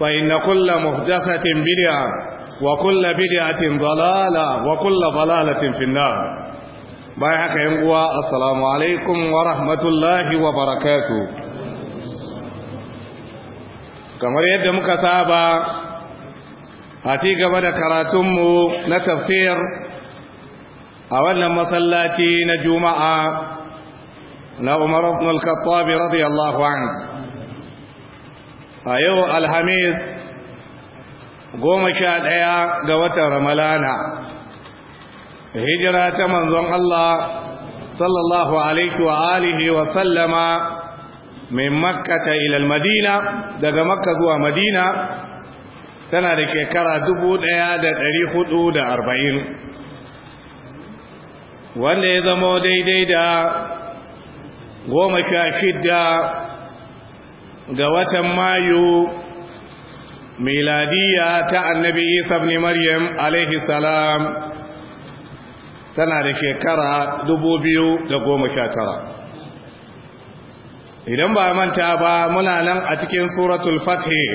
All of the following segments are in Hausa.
فإن كل محدثة بدعة وكل بدعة ضلالة وكل ضلالة في النار بايحك ينقوى السلام عليكم ورحمة الله وبركاته كما يد مكتابة هاتيك بدا كراتم نتفسير أولا مسلاتي نجومة na Umar ibn al-Khattab radiyallahu anhu a yau alhamis goma sha ɗaya ga watan ramalana hijira ta manzon Allah sallallahu alaihi wa alihi wa sallama min makkata ilal madina daga makka zuwa madina tana da shekara dubu ɗaya da da ɗari arba'in, wanda ya zamo daidai da goma sha shidda ga watan mayu miladiya ta annabi isa ibn maryam alaihi salam tana da shekara 2019 idan ba manta ba muna nan a cikin suratul fathi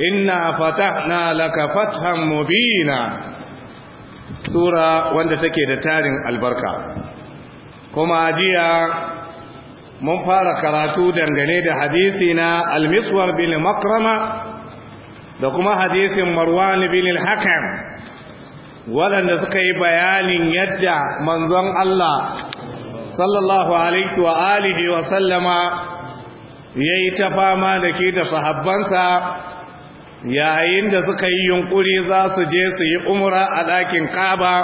inna fatahna laka fathan mubina sura wanda take da tarin albarka kuma jiya mun fara karatu dangane da hadisi na almiswar bin makrama da kuma hadisin marwan bin hakan waɗanda suka yi bayanin yadda manzon Allah sallallahu alaihi wa alihi wa sallama ya yi ta fama da ke da sahabbansa yayin da suka yi yunkuri za su je su yi umra a ɗakin kaba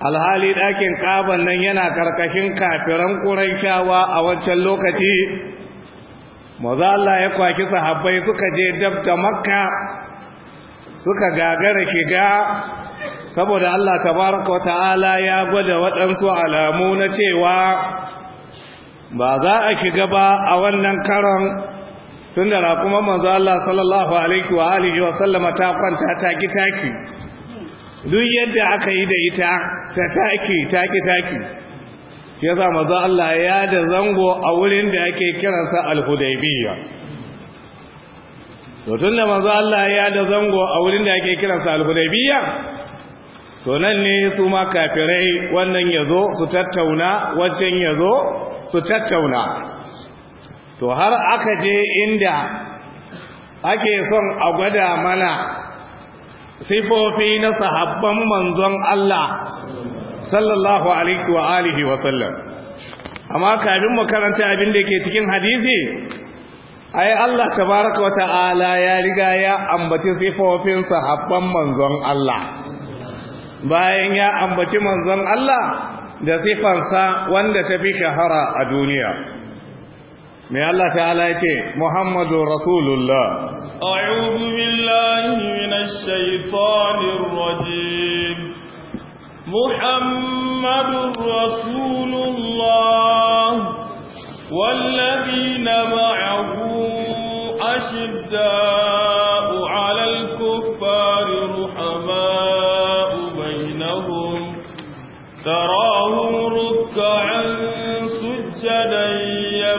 alhali ɗakin ƙaban nan yana karkashin kafiran ƙuraishawa a wancan lokaci maza Allah ya kwaki sahabbai suka je dab da makka suka gagara shiga saboda Allah tabaraka wa ta'ala ya gwada waɗansu alamu na cewa ba za a shiga ba a wannan karon Tunda da raƙumar manzo Allah sallallahu alaihi wa alihi wa sallama ta kwanta taki-taki duk yadda aka yi da ita ta taki taki taki ya za maza Allah ya da zango a wurin da ake kiransa al-hudaybiyya to da maza Allah ya da zango a wurin da ake kiransa al-hudaybiyya to nan ne su ma kafirai wannan ya zo su tattauna wancan ya zo su tattauna to har aka je inda ake son a gwada mana sifofi na sahabban manzon Allah sallallahu alaihi wa alihi wa sallam amma kafin mu karanta abin da yake cikin hadisi ai Allah tabaraka wa ta'ala ya riga ya ambaci sifofin sahabban manzon Allah bayan ya ambaci manzon Allah da sifansa wanda ta fi shahara a duniya mai Allah ta'ala ya ce Muhammadu Rasulullah a'udhu billahi minash shaitanir rajim Muhammadur Rasulullah والذين معه أشداء على الكفار رحماء بينهم تراهم ركعا سجدا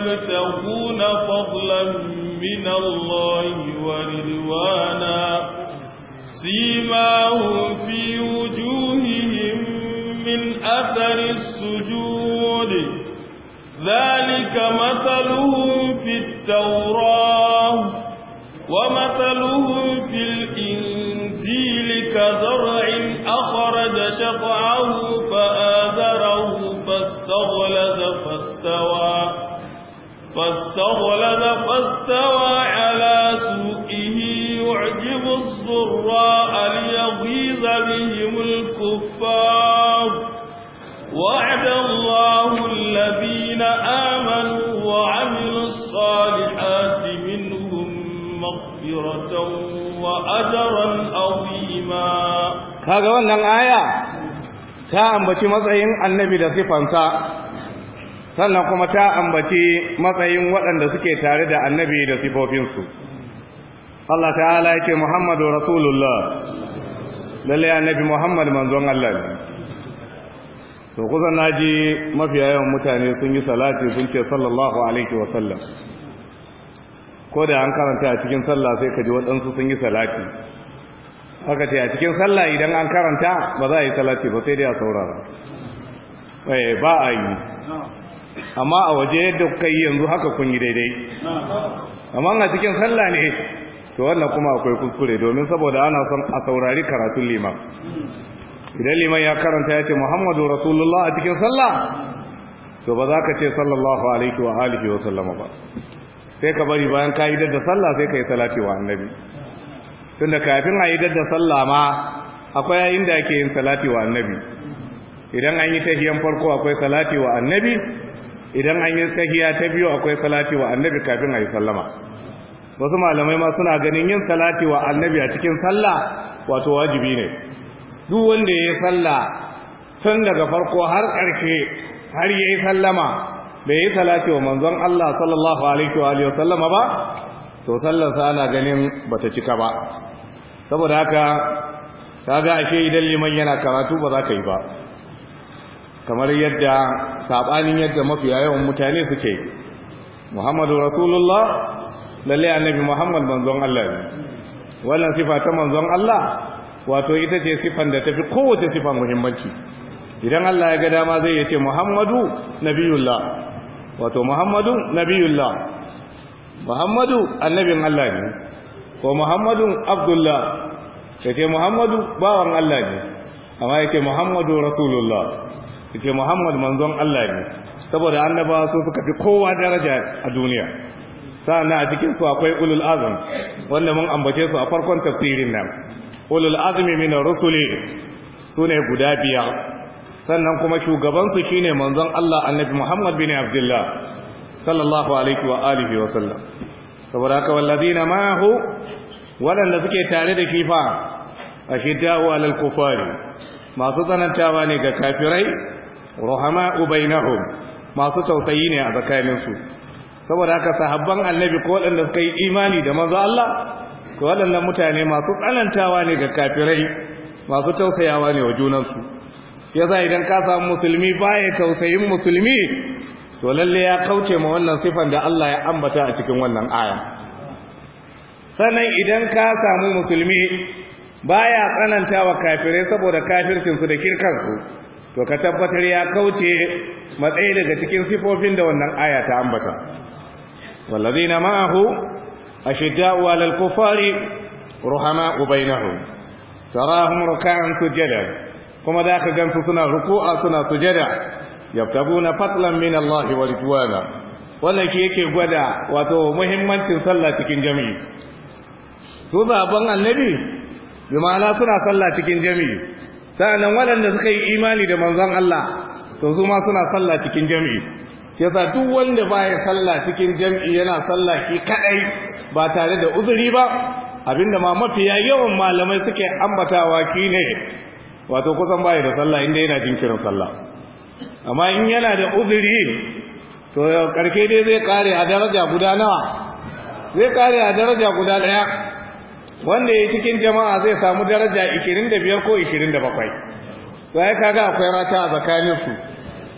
يبتغون فضلا من الله ورضوانا سيماهم في وجوههم من أثر السجود ذلك مثلهم في التوراة ومثلهم في الإنجيل كزرع أخرج شقعه فآذره فاستغلظ فاستوى فاستغلظ فاستوى على سوقه يعجب الزراء ليغيظ بهم الكفار وعد الله الذين آمنوا وعملوا الصالحات منهم مغفرة وأجرا عظيما kaga wannan aya ta ambaci matsayin annabi da sifansa sannan kuma ta ambaci matsayin waɗanda suke tare da annabi da sifofinsu Allah ta'ala yake Muhammadu Rasulullah lalle annabi Muhammad manzon Allah ne to kusan naji mafiya yawan mutane sun yi salati sun ce sallallahu alaihi wa sallam ko da an karanta a cikin sallah sai ka ji waɗansu sun yi salati haka ce a cikin sallah idan an karanta ba za a yi salati ba sai dai a saurara eh ba a yi amma a waje yadda kuka yi yanzu haka kun yi daidai amma a cikin sallah ne to wannan kuma akwai kuskure domin saboda ana son a saurari karatun liman idan liman ya karanta ya ce muhammadu rasulullah a cikin sallah to ba za ka ce sallallahu alaihi wa alihi wa sallama ba sai ka bari bayan ka yi da sallah sai ka yi salati wa annabi tunda kafin a yi da sallah ma akwai yayin da ake yin salati wa annabi idan an yi tahiyan farko akwai salati wa annabi idan an yi tahiya ta biyu akwai salati wa annabi kafin a yi sallama wasu malamai ma suna ganin yin salati wa annabi a cikin sallah wato wajibi ne duk wanda ya yi sallah tun daga farko har ƙarshe har ya yi sallama bai yi salati wa manzon Allah sallallahu alaihi wa sallama ba to sallarsa ana ganin bata cika ba saboda haka kaga ake idan liman yana karatu ba za ka yi ba kamar yadda sabanin yadda mafiya yawan mutane suke Muhammadu Rasulullah lalle annabi Muhammad manzon Allah ne wannan sifa ta manzon Allah wato ita ce sifan da tafi kowace sifa muhimmanci idan Allah ya ga dama zai yace Muhammadu nabiyullah wato Muhammadu nabiyullah Muhammadu annabin Allah ne ko Muhammadu Abdullah yace Muhammadu bawan Allah ne amma yace Muhammadu Rasulullah ce Muhammad manzon Allah ne saboda annabawa su suka fi kowa daraja a duniya sannan a cikin su akwai ulul azm wanda mun ambace su a farkon tafsirin nan ulul azmi min rusuli sune guda biyar sannan kuma shugaban su shine manzon Allah annabi Muhammad bin Abdullah sallallahu alaihi wa alihi wa sallam saboda ka walladina hu wadanda suke tare da shi fa ashidda'u alal kufari masu tsanantawa ne ga kafirai rahama ubainahum masu tausayi ne a tsakaninsu saboda haka sahabban annabi ko waɗanda suka yi imani da manzo Allah ko waɗannan mutane masu tsanantawa ne ga kafirai masu tausayawa ne wa junansu yaza idan ka samu musulmi baya tausayin musulmi to lalle ya kauce ma wannan sifan da Allah ya ambata a cikin wannan aya sannan idan ka samu musulmi baya tsanantawa kafirai saboda kafircinsu da kirkansu to ka tabbatar ya kauce matsayi daga cikin sifofin da wannan aya ta ambata wallazina ma'ahu ashidda'u 'alal kufari ruhama'u bainahum tarahum ruk'an sujada kuma za ka gansu suna ruku'a suna sujada yabtaguna fatlan min Allahi wa ridwana wannan shi yake gwada wato muhimmancin sallah cikin jami'i su zaban annabi bima suna sallah cikin jami'i sa'annan waɗanda suka yi imani da manzon Allah to su ma suna sallah cikin jami'i yasa duk wanda baya sallah cikin jami'i yana sallah ki kadai ba tare da uzuri ba abinda ma mafi yawan malamai suke ambatawa ne wato kusan baya da sallah inda yana jinkirin sallah amma in yana da uzuri to karke dai zai kare a daraja guda nawa zai kare a daraja guda daya wanda ya cikin jama'a zai samu daraja 25 ko 27 sai kaga akwai rata a tsakanin su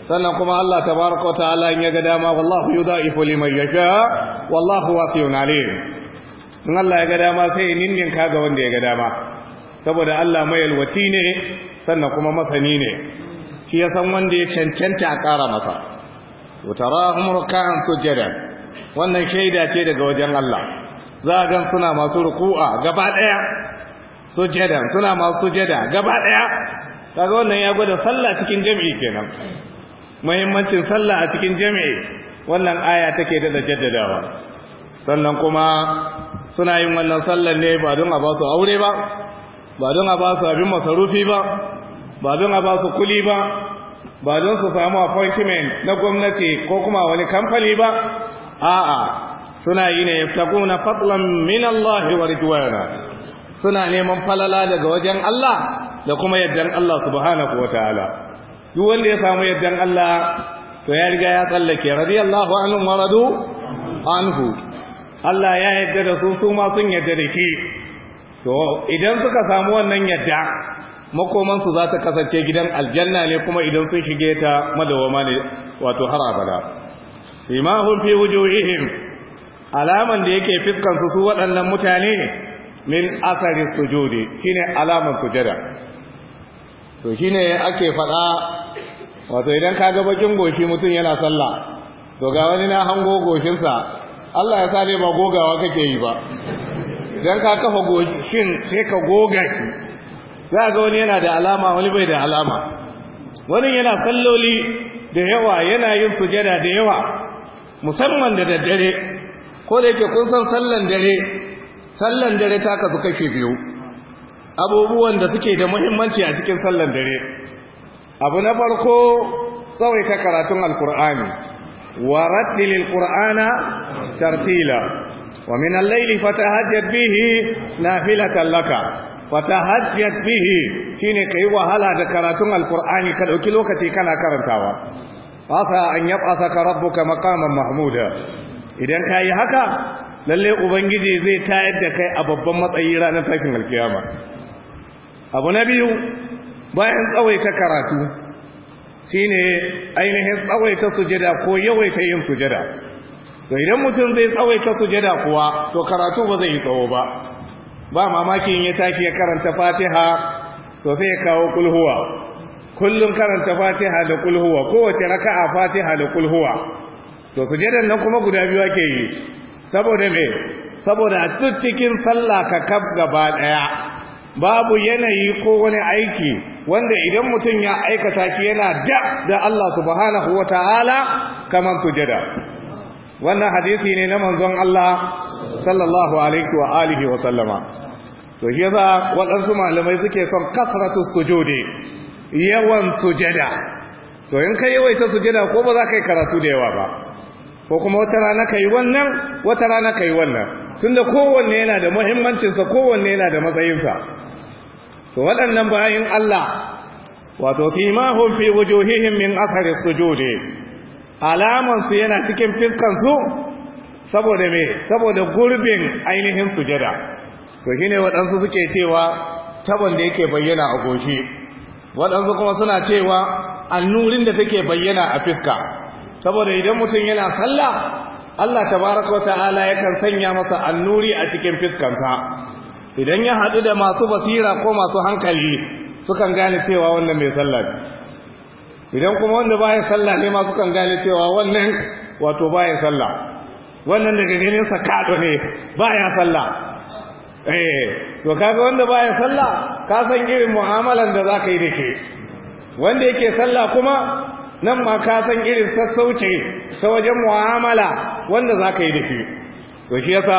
sannan kuma Allah tabaraka wa ta'ala in ya ga dama wallahu yudaifu liman yasha wallahu wasi'un alim in Allah ya ga dama sai ya ninninka ga wanda ya ga dama saboda Allah mai alwati ne sannan kuma masani ne shi ya san wanda ya cancanta a ƙara masa wa tarahum ruk'an sujada wannan shaida ce daga wajen Allah za a gan suna masu ruku'a gaba ɗaya sujada suna masu sujada gaba ɗaya kaga wannan ya gwada sallah cikin jami'i kenan muhimmancin sallah a cikin jami'i wannan aya take da jaddadawa sannan kuma suna yin wannan sallar ne ba don a ba su aure ba ba don a ba su abin masarufi ba ba don a ba su kuli ba ba don su samu appointment na gwamnati ko kuma wani kamfani ba a'a suna yi ne yaftakuna fadlan min Allah wa ridwana suna neman falala daga wajen Allah da kuma yaddan Allah subhanahu wa ta'ala duk wanda ya samu yaddan Allah to ya riga ya tsallake radiyallahu anhu maradu anhu Allah ya yadda da su su ma sun yadda da shi to idan suka samu wannan yadda makomansu za ta kasance gidan aljanna ne kuma idan sun shige ta madawama ne wato har abada imahun fi wujuhihim alaman da yake fiskan su su waɗannan mutane ne min asarin sujudi shine alaman sujada to shine ake faɗa wato idan ka ga bakin goshi mutum yana sallah to ga wani na hango goshinsa Allah ya sare ba gogawa kake yi ba idan ka kafa goshin sai ka goga shi za ga wani yana da alama wani bai da alama wani yana salloli da yawa yana yin sujada da yawa musamman da daddare ko da yake kun san sallan dare sallan dare ta kasu kashe biyu abubuwan da suke da muhimmanci a cikin sallan dare abu na farko ta karatun alkur'ani wa rattilil qur'ana tartila wa min al-layli fatahajjat bihi nafilatan laka fatahajjat bihi shine kai wahala da karatun alkur'ani ka dauki lokaci kana karantawa asa an yab'athaka rabbuka maqaman mahmuda idan ka yi haka lalle ubangiji zai tayar da kai a babban matsayi ranar takin alkiyama abu na biyu bayan tsawaita karatu shine ainihin tsawaita sujada ko yawaita yin sujada to idan mutum zai tsawaita sujada kuwa to karatu ba zai yi tsawo ba ba mamakin ya tafi ya karanta fatiha to sai ya kawo kulhuwa kullum karanta fatiha da kulhuwa kowace raka'a fatiha da kulhuwa to sujadan nan kuma guda biyu ake yi saboda me saboda a duk cikin sallah ka kaf gaba daya babu yanayi ko wani aiki wanda idan mutum ya aikata ki yana da da Allah subhanahu wataala su sujada wannan hadisi ne na manzon Allah sallallahu alaihi wa alihi wa sallama to shi yasa wadansu malamai suke son kasratu sujudi yawan sujada to in ka yawaita sujada ko ba za ka yi karatu da yawa ba ko kuma wata rana kai wannan wata rana kai wannan tunda kowanne yana da muhimmancinsa kowanne yana da matsayinsa to waɗannan bayan Allah wato timahum fi wujuhihim min athari sujudi alaman su yana cikin fiskan su saboda me saboda gurbin ainihin sujada to shine waɗansu suke cewa tabon da yake bayyana a goshi waɗansu kuma suna cewa annurin da take bayyana a fiska saboda idan mutum yana sallah Allah tabaraka ta'ala yakan sanya masa annuri a cikin fiskanta idan ya haɗu da masu basira ko masu hankali sukan gane cewa wannan mai sallah idan kuma wanda baya sallah ne ma sukan gane cewa wannan wato baya sallah wannan daga ganin sa kado ne baya sallah eh to kaga wanda baya sallah ka san irin mu'amalan da zaka yi dake wanda yake sallah kuma nan ma ka san irin sassauci ta wajen mu'amala wanda za ka yi da shi to shi yasa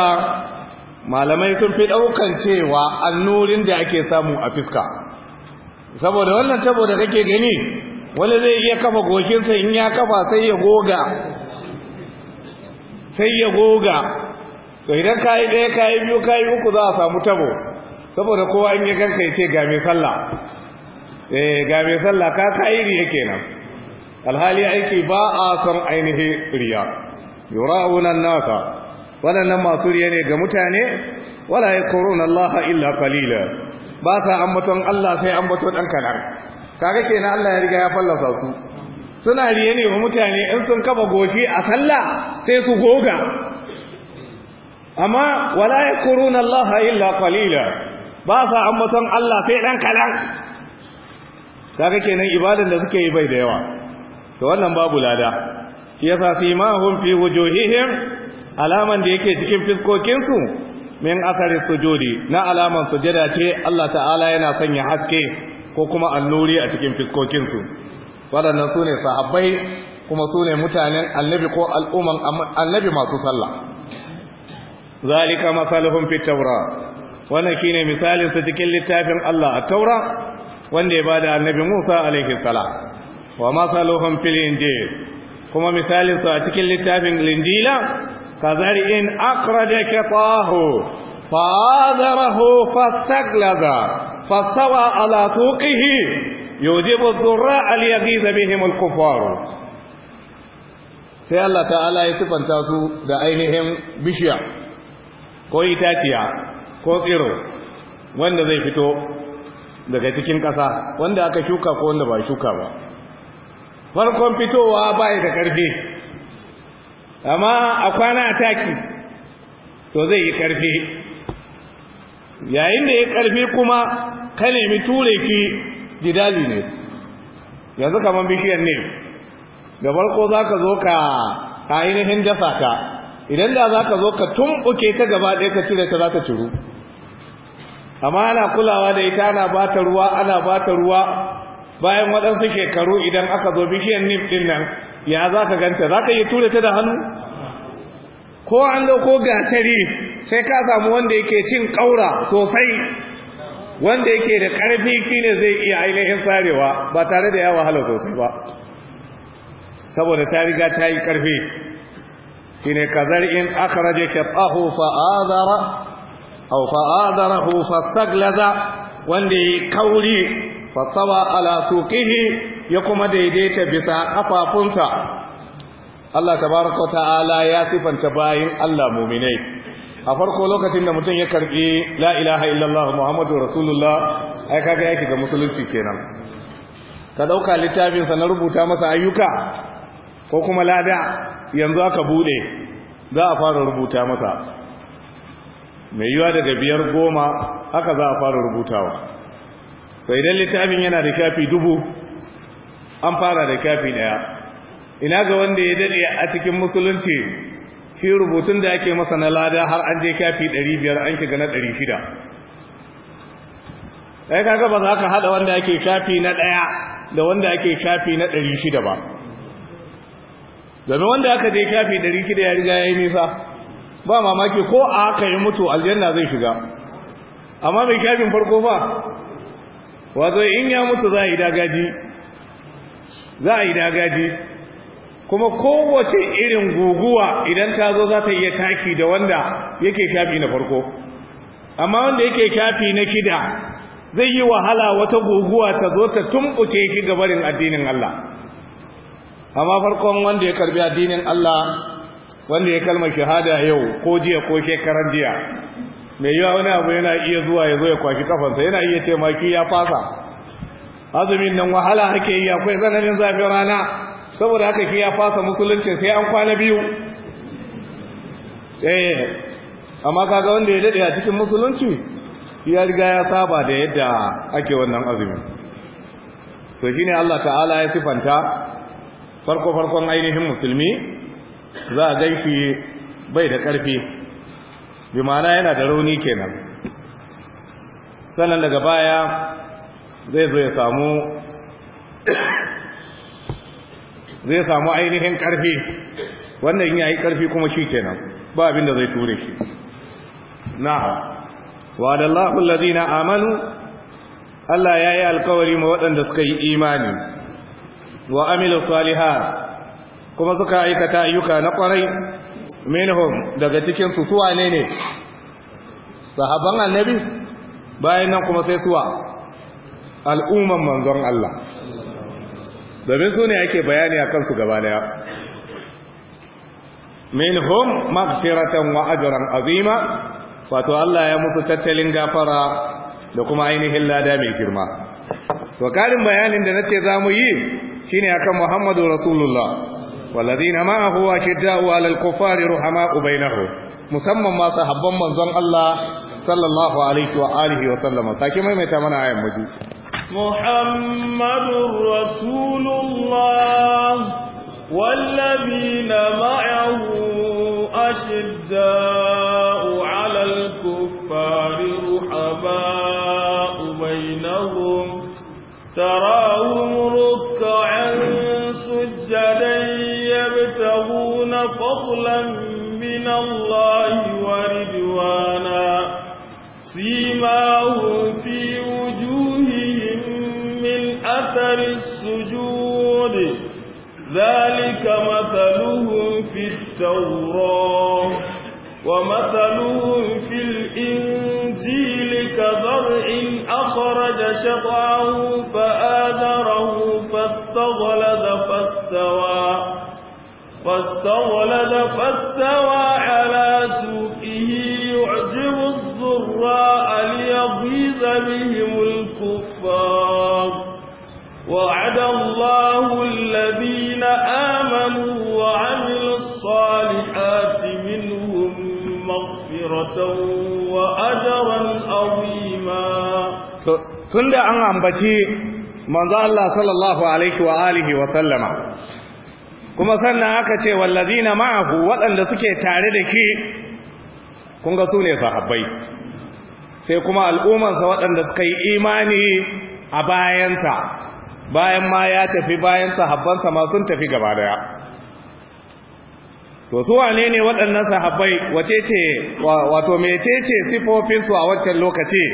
malamai sun fi ɗaukan cewa annurin da ake samu a fiska saboda wannan tabo da kake gani wani zai iya kafa goshinsa in ya kafa sai ya goga sai ya goga to idan ka yi ɗaya ka yi biyu ka yi uku za a samu tabo saboda kowa in ya ganka ya ce ga mai sallah eh ga mai sallah ka kairi iri yake nan alhali aiki ba a son ainihin riya yura'unan naka. waɗannan masu riya ne ga mutane wala yaquruna Allah illa kalila ba sa ambaton Allah sai ambato ɗan kanar kaga kenan Allah ya riga ya fallasa su suna riya ne ga mutane in sun kaba goshi a sallah sai su goga amma wala yaquruna Allah illa kalila ba sa ambaton Allah sai ɗan kanar kaga kenan ibadan da suke yi bai da yawa to wannan babu lada yasa simahum fi wujuhihim alaman da yake cikin fiskokinsu min asari sujudi na alaman sujada ce Allah ta'ala yana sanya haske ko kuma alluri a cikin fiskokinsu waɗannan su ne sahabbai kuma su ne mutanen annabi ko al'umman annabi masu sallah zalika masaluhum fi taura wannan shine misalin su cikin littafin Allah a taura wanda ya bada annabi Musa alaihi salam wa masaluhum fil injil kuma misalin su a cikin littafin linjila in aqrada fa adarahu fastaglaza fastawa ala tuqihi yujibu dhurra al-yaghiz bihim al sai Allah ta'ala ya tufanta su da ainihin bishiya ko itaciya ko tsiro wanda zai fito daga cikin ƙasa wanda aka shuka ko wanda ba shuka ba farkon fitowa ba da karfi amma a kwana a taki to zai yi karfi yayin da ya karfi kuma ka nemi ture ki jidali ne yanzu kamar bishiyar ne da farko za ka zo ka ainihin dafa ta idan da za ka zo ka tumɓuke ta gaba ɗaya ka cire ta za ta turu amma ana kulawa da ita ana ba ta ruwa ana ba ta ruwa bayan waɗansu shekaru idan aka zo bishiyar nif ɗin nan ya za ka ganta za ka yi tura ta da hannu ko an zo ko gatari sai ka samu wanda yake cin ƙaura sosai wanda yake da ƙarfi shine zai iya ainihin tsarewa ba tare da ya wahala sosai ba saboda ta riga ta yi ƙarfi shine kazar in akhraja katahu fa wanda yi kauri fasawa ala suqihi ya kuma daidaita bisa kafafunsa Allah tabaraka ta'ala ya sifanta bayin Allah mu'minai a farko lokacin da mutum ya karbi la ilaha illallah muhammadur rasulullah ai kaga yake ga musulunci kenan ka dauka littafin sa na rubuta masa ayyuka ko kuma lada yanzu aka bude za a fara rubuta masa mai yiwa daga biyar goma haka za a fara rubutawa to idan littafin yana da shafi dubu an fara da shafi daya ina ga wanda ya dade a cikin musulunci shi rubutun da ake masa na lada har an je shafi 500 an shiga na 600 sai kaga ba za ka hada wanda ake shafi na daya da wanda ake shafi na 600 ba domin wanda aka je shafi 600 ya riga ya yi nisa ba mamaki ko a aka yi mutu aljanna zai shiga amma mai kafin farko ba wato in ya mutu za a yi dagaji za a yi dagaji kuma kowace irin guguwa idan ta zo za ta iya taki da wanda yake kafi na farko amma wanda yake shafi na kida zai yi wahala wata guguwa ta zo ta tumbuke ki gabarin addinin Allah amma farkon wanda ya karbi addinin Allah wanda ya kalmar shahada yau ko jiya ko shekaran jiya mai yiwa wani abu yana iya zuwa ya zo ya kwaki kafansa yana iya ce maki ya fasa azumin nan wahala ake yi akwai tsananin zafin rana saboda haka ki ya fasa musulunci sai an kwana biyu eh amma kaga wanda ya dade a cikin musulunci ya riga ya saba da yadda ake wannan azumin to shine Allah ta'ala ya sifanta farko farkon ainihin musulmi za a gaifi bai da karfi bi ma'ana yana da rauni kenan sannan daga baya zai zo ya samu zai samu ainihin karfi wannan in yayi karfi kuma shi kenan ba abin da zai ture shi na'am wa dallahu alladhina amanu Allah ya yi alkawari ma waɗanda suka yi imani wa amilu salihan kuma suka aikata ayyuka na ƙwarai minhum daga cikin su suwa ne ne sahaban annabi bayan nan kuma sai suwa al'umman manzon Allah domin su ne ake bayani a kansu gaba daya minhum maghfiratan wa ajran azima wato Allah ya musu tattalin gafara da kuma ainihin lada mai girma to karin bayanin da nace zamu yi shine akan Muhammadu Rasulullah walladhina ma'ahu ashidda'u 'alal kuffari ruhama'u bainahum musamman ma sahabban manzon Allah sallallahu alaihi wa alihi wa sallama sake maimaita mana ayan muji muhammadur rasulullah والذين معه أشداء على الكفار رحماء بينهم تراهم ركعا سجدا يبتغون فضلا من الله ورضوانا سيماهم في وجوههم من أثر السجود ذلك مثلهم في التوراة ومثلهم في الإنجيل كزرع أخرج شطعه فآذره فاستغلد فاستوى فاستولد فاستوى على سوقه يعجب الضراء ليغيظ بهم الكفار وعد الله الذين آمنوا وعملوا الصالحات منهم مغفرة وأجرا عظيما تند أن أنبتي manzo Allah sallallahu alaihi wa alihi wa sallama kuma sannan aka ce wallazina ma'ahu waɗanda suke tare da ki kun ga su ne sahabbai sai kuma al'ummarsa waɗanda suka yi imani a bayansa bayan ma ya tafi bayan sahabbansa ma sun tafi gaba daya to su wane ne waɗannan sahabbai wace ce wato ce sifofinsu a waccan lokaci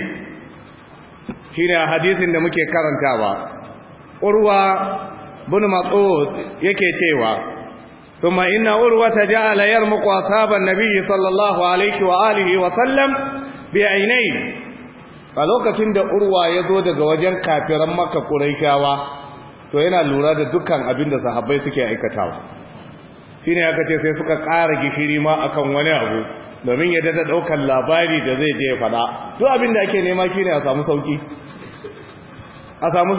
Shi shine hadisin da muke karanta ba. urwa bin matsud yake cewa thumma inna urwata ja'ala yarmuqu ashaban nabiy sallallahu alaihi wa alihi wa sallam bi ainihi a lokacin da urwa ya zo daga wajen kafiran maka ƙuraishawa to yana lura da dukkan abin da sahabbai suke aikatawa shine aka ce sai suka ƙara gishiri ma akan wani abu domin ya dada ɗaukar labari da zai je faɗa duk abin da ake nema shi ne a samu sauƙi a samu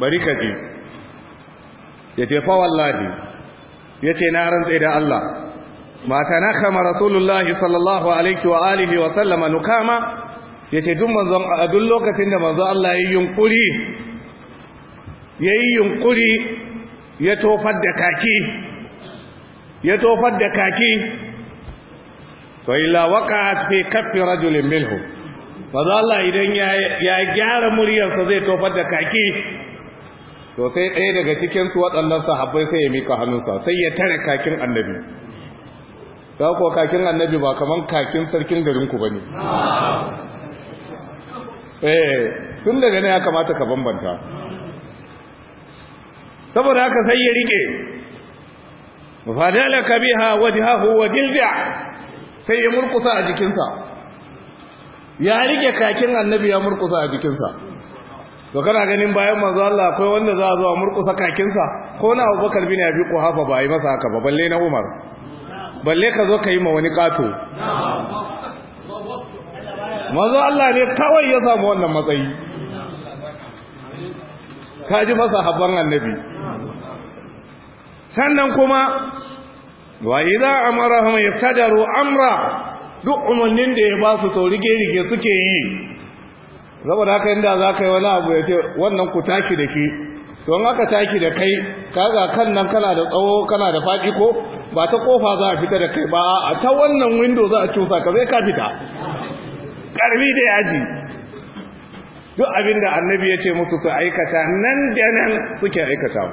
bari ka ji ya ce fa wallahi ya ce na rantsai da Allah ma na kama rasulullahi sallallahu alaihi wa alihi wa sallama nukama ya ce duk manzon a duk lokacin da manzon Allah ya yi yunkuri ya yi yunkuri ya tofar da kaki ya tofar da kaki to illa waqa'at fi kaffi rajulin minhum manzon Allah idan ya gyara muryarsa zai tofar da kaki to sai ɗaya daga cikinsu waɗannan sahabbai sai ya mika hannunsa sai ya tare kakin annabi ta ko kakin annabi ba kaman kakin sarkin ku ba ne eh, tun daga ne ya kamata ka bambanta saboda haka sai ya rike fadala ka biha wajhahu wa jilda sai ya murkusa a jikinsa ya rike kakin annabi ya murkusa a jikinsa to kana ganin bayan manzo Allah akwai wanda za a zo a murkusa kakinsa ko na Abubakar bin Abi Quhafa ba yi masa haka ba balle na Umar balle ka zo ka yi ma wani kato manzo Allah ne kawai ya samu wannan matsayi ka ji masa habban annabi sannan kuma wa idza amarahum yaktadaru amra duk umarnin da ya ba su to rige rige suke yi saboda haka inda za ka yi wani abu ya ce wannan ku taki da shi to in aka tashi da kai kaga kan nan kana da tsawo kana da faɗi ko ba ta kofa za a fita da kai ba a ta wannan window za a cusa ka zai ka fita karbi da yaji duk abin da annabi ya ce musu su aikata nan da nan suke aikata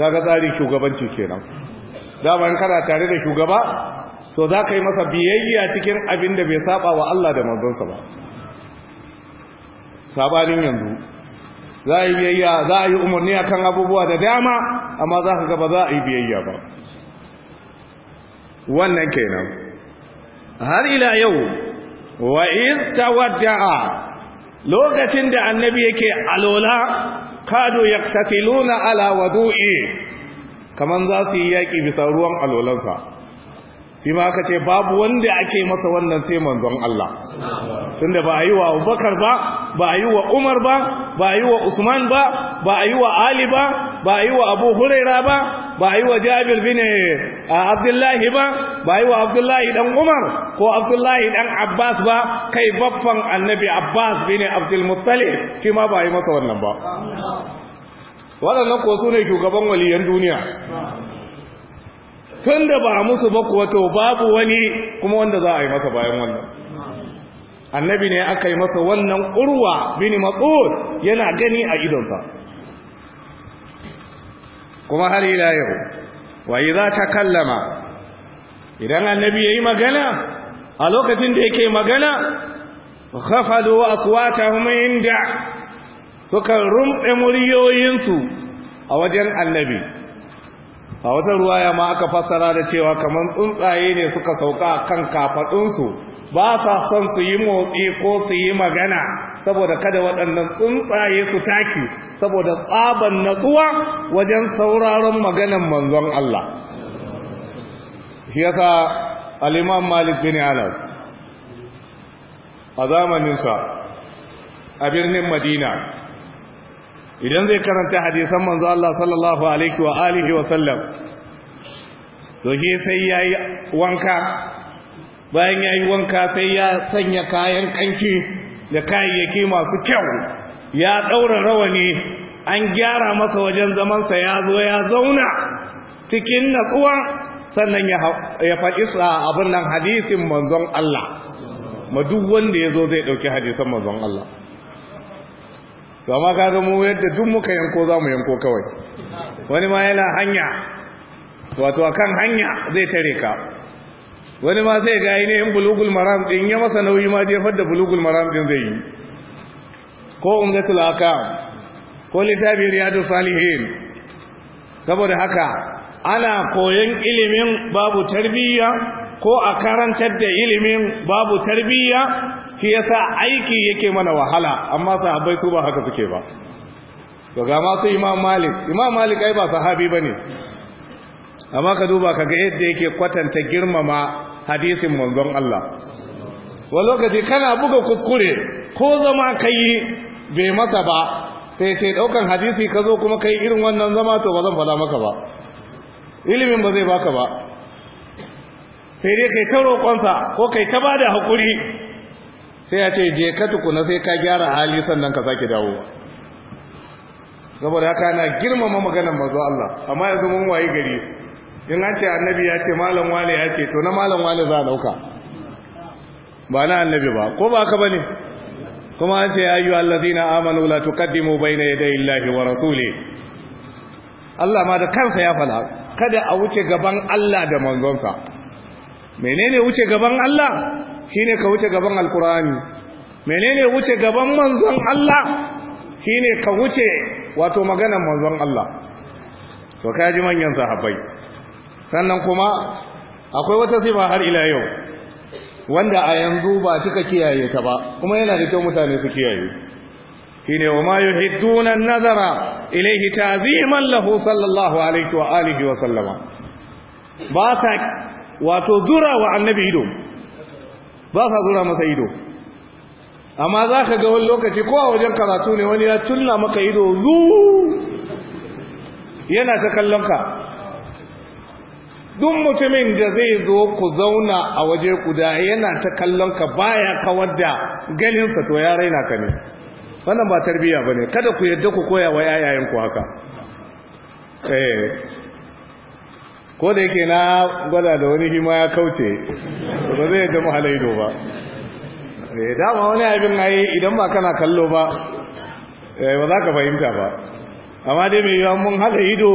gaga tsari shugabanci kenan dama in kana tare da shugaba so za ka yi masa biyayya cikin abin da bai saba wa Allah da manzonsa ba sabanin yanzu za a yi biyayya za a yi umarni a kan abubuwa da dama amma za ka gaba za a yi biyayya ba wannan kenan har ila yau wa wadda a lokacin da annabi yake alola kado yaktatiluna ala wadu'i kamar za su yi yaƙi bisa ruwan alolansa shi ma aka ce babu wanda ake masa wannan sai manzon Allah tunda ba a yi wa Abubakar ba ba a yi wa Umar ba ba a yi wa Usman ba ba a yi wa Ali ba ba a yi wa Abu Huraira ba ba a yi wa Jabir bin eh, Abdullahi ba ba a yi wa Abdullahi dan Umar ko Abdullahi dan Abbas ba kai babban Annabi Abbas bin Abdul Muttalib shi ma ba a yi masa wannan ba waɗannan ko sune shugaban waliyan duniya tun da ba musu ba kuwa to babu wani kuma wanda za a yi masa bayan wannan annabi ne aka yi masa wannan ƙurwa bini matsor yana gani a idonsa kuma har ila yau wa ta kallama idan annabi ya yi magana a lokacin da yake magana khafadu aswatahum inda suka rumtse muryoyinsu a wajen annabi a wata ruwaya ma aka fassara da cewa kamar tsuntsaye ne suka sauka kan kafadunsu ba sa son su yi motsi ko su yi magana saboda kada waɗannan tsuntsaye su taki saboda tsaban natsuwa wajen sauraron maganan manzon Allah shi yasa al-Imam Malik bin Anas a zamaninsa a birnin Madina idan zai karanta hadisan manzo Allah sallallahu alaihi wa alihi wa sallam to shi sai yayi wanka bayan yayi wanka sai ya sanya kayan kanki da kayayyaki masu kyau ya daura rawani an gyara masa wajen zaman sa ya zo ya zauna cikin natsuwa sannan ya faɗi abin nan hadisin manzon Allah ma duk wanda ya zo zai ɗauki hadisan manzon Allah to amma ga mu yadda duk muka yanko za mu yanko kawai wani ma yana hanya wato akan hanya zai tare ka wani ma zai ga yin bulugul maram ɗin ya masa nauyi ma jefar da bulugul maram ɗin zai yi ko ga tulaka ko littafin riyadu salihin saboda haka ana koyon ilimin babu tarbiyya ko a karantar da ilimin babu tarbiyya shi yasa aiki yake mana wahala amma sahabbai su ba haka suke ba to ga ma su imam malik imam malik ai ba sahabi bane amma ka duba kaga yadda yake kwatanta girmama hadisin manzon Allah wani lokaci kana buga kuskure ko zama kai bai masa ba sai sai daukan hadisi ka zo kuma kai irin wannan zama to ba zan fada maka ba ilimin ba zai baka ba sai dai kai ta roƙonsa ko kai ta ba da haƙuri sai ya ce je ka tukuna sai ka gyara hali sannan ka sake dawo saboda haka na girmama maganar mazu Allah amma yanzu mun waye gari in an ce annabi ya ce malam wale ya ce to na malam wale za a dauka ba na annabi ba ko ba ba bane kuma an ce ya ayyuhal ladina amanu la tuqaddimu bayna yaday illahi wa rasuli. Allah ma da kansa ya fada kada a wuce gaban Allah da manzonsa menene wuce gaban Allah shine ka wuce gaban alkur'ani menene wuce gaban manzon Allah shine ka wuce wato maganar manzon Allah to kaji manyan sahabbai sannan kuma akwai wata sifa har ila yau wanda a yanzu ba cika kiyaye ta ba kuma yana da kyau mutane su kiyaye shine wa ma yuhidduna nazara ilayhi ta'ziman lahu sallallahu alaihi wa alihi wa sallama ba sa wato zura wa annabi ido ba sa zura masa ido amma za ka ga wani lokaci ko a wajen karatu ne wani ya tunna maka ido zuu yana ta kallon ka duk mutumin da zai zo ku zauna a waje guda yana ta kallon ka baya kawar da ganinsa to ya raina ka ne wannan ba tarbiyya ba ne kada ku yadda ku koya wa yayayen ku haka eh ko da yake na gwada da wani hima ya kauce ba zai zama halaido ba eh, dama wani abin ayi idan ba kana kallo ba eh, ba za ka fahimta ba amma dai mai yiwuwa mun haɗa ido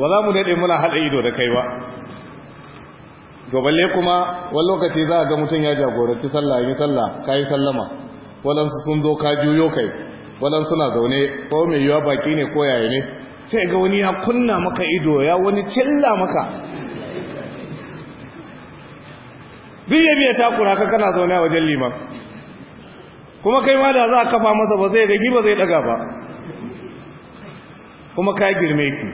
ba za mu daɗe muna haɗa ido da kai ba to kuma wani lokaci za a ga mutum ya jagoranci sallah yi sallah ka yi sallama waɗansu sun zo ka juyo kai waɗansu na zaune ko mai yiwuwa baki ne ko yaya ne sai ga wani ya kunna maka ido ya wani cilla maka biye biye takura ka kana zaune a wajen liman kuma kai ma da za a kafa masa ba zai ragi ba zai daga ba kuma ka girme ki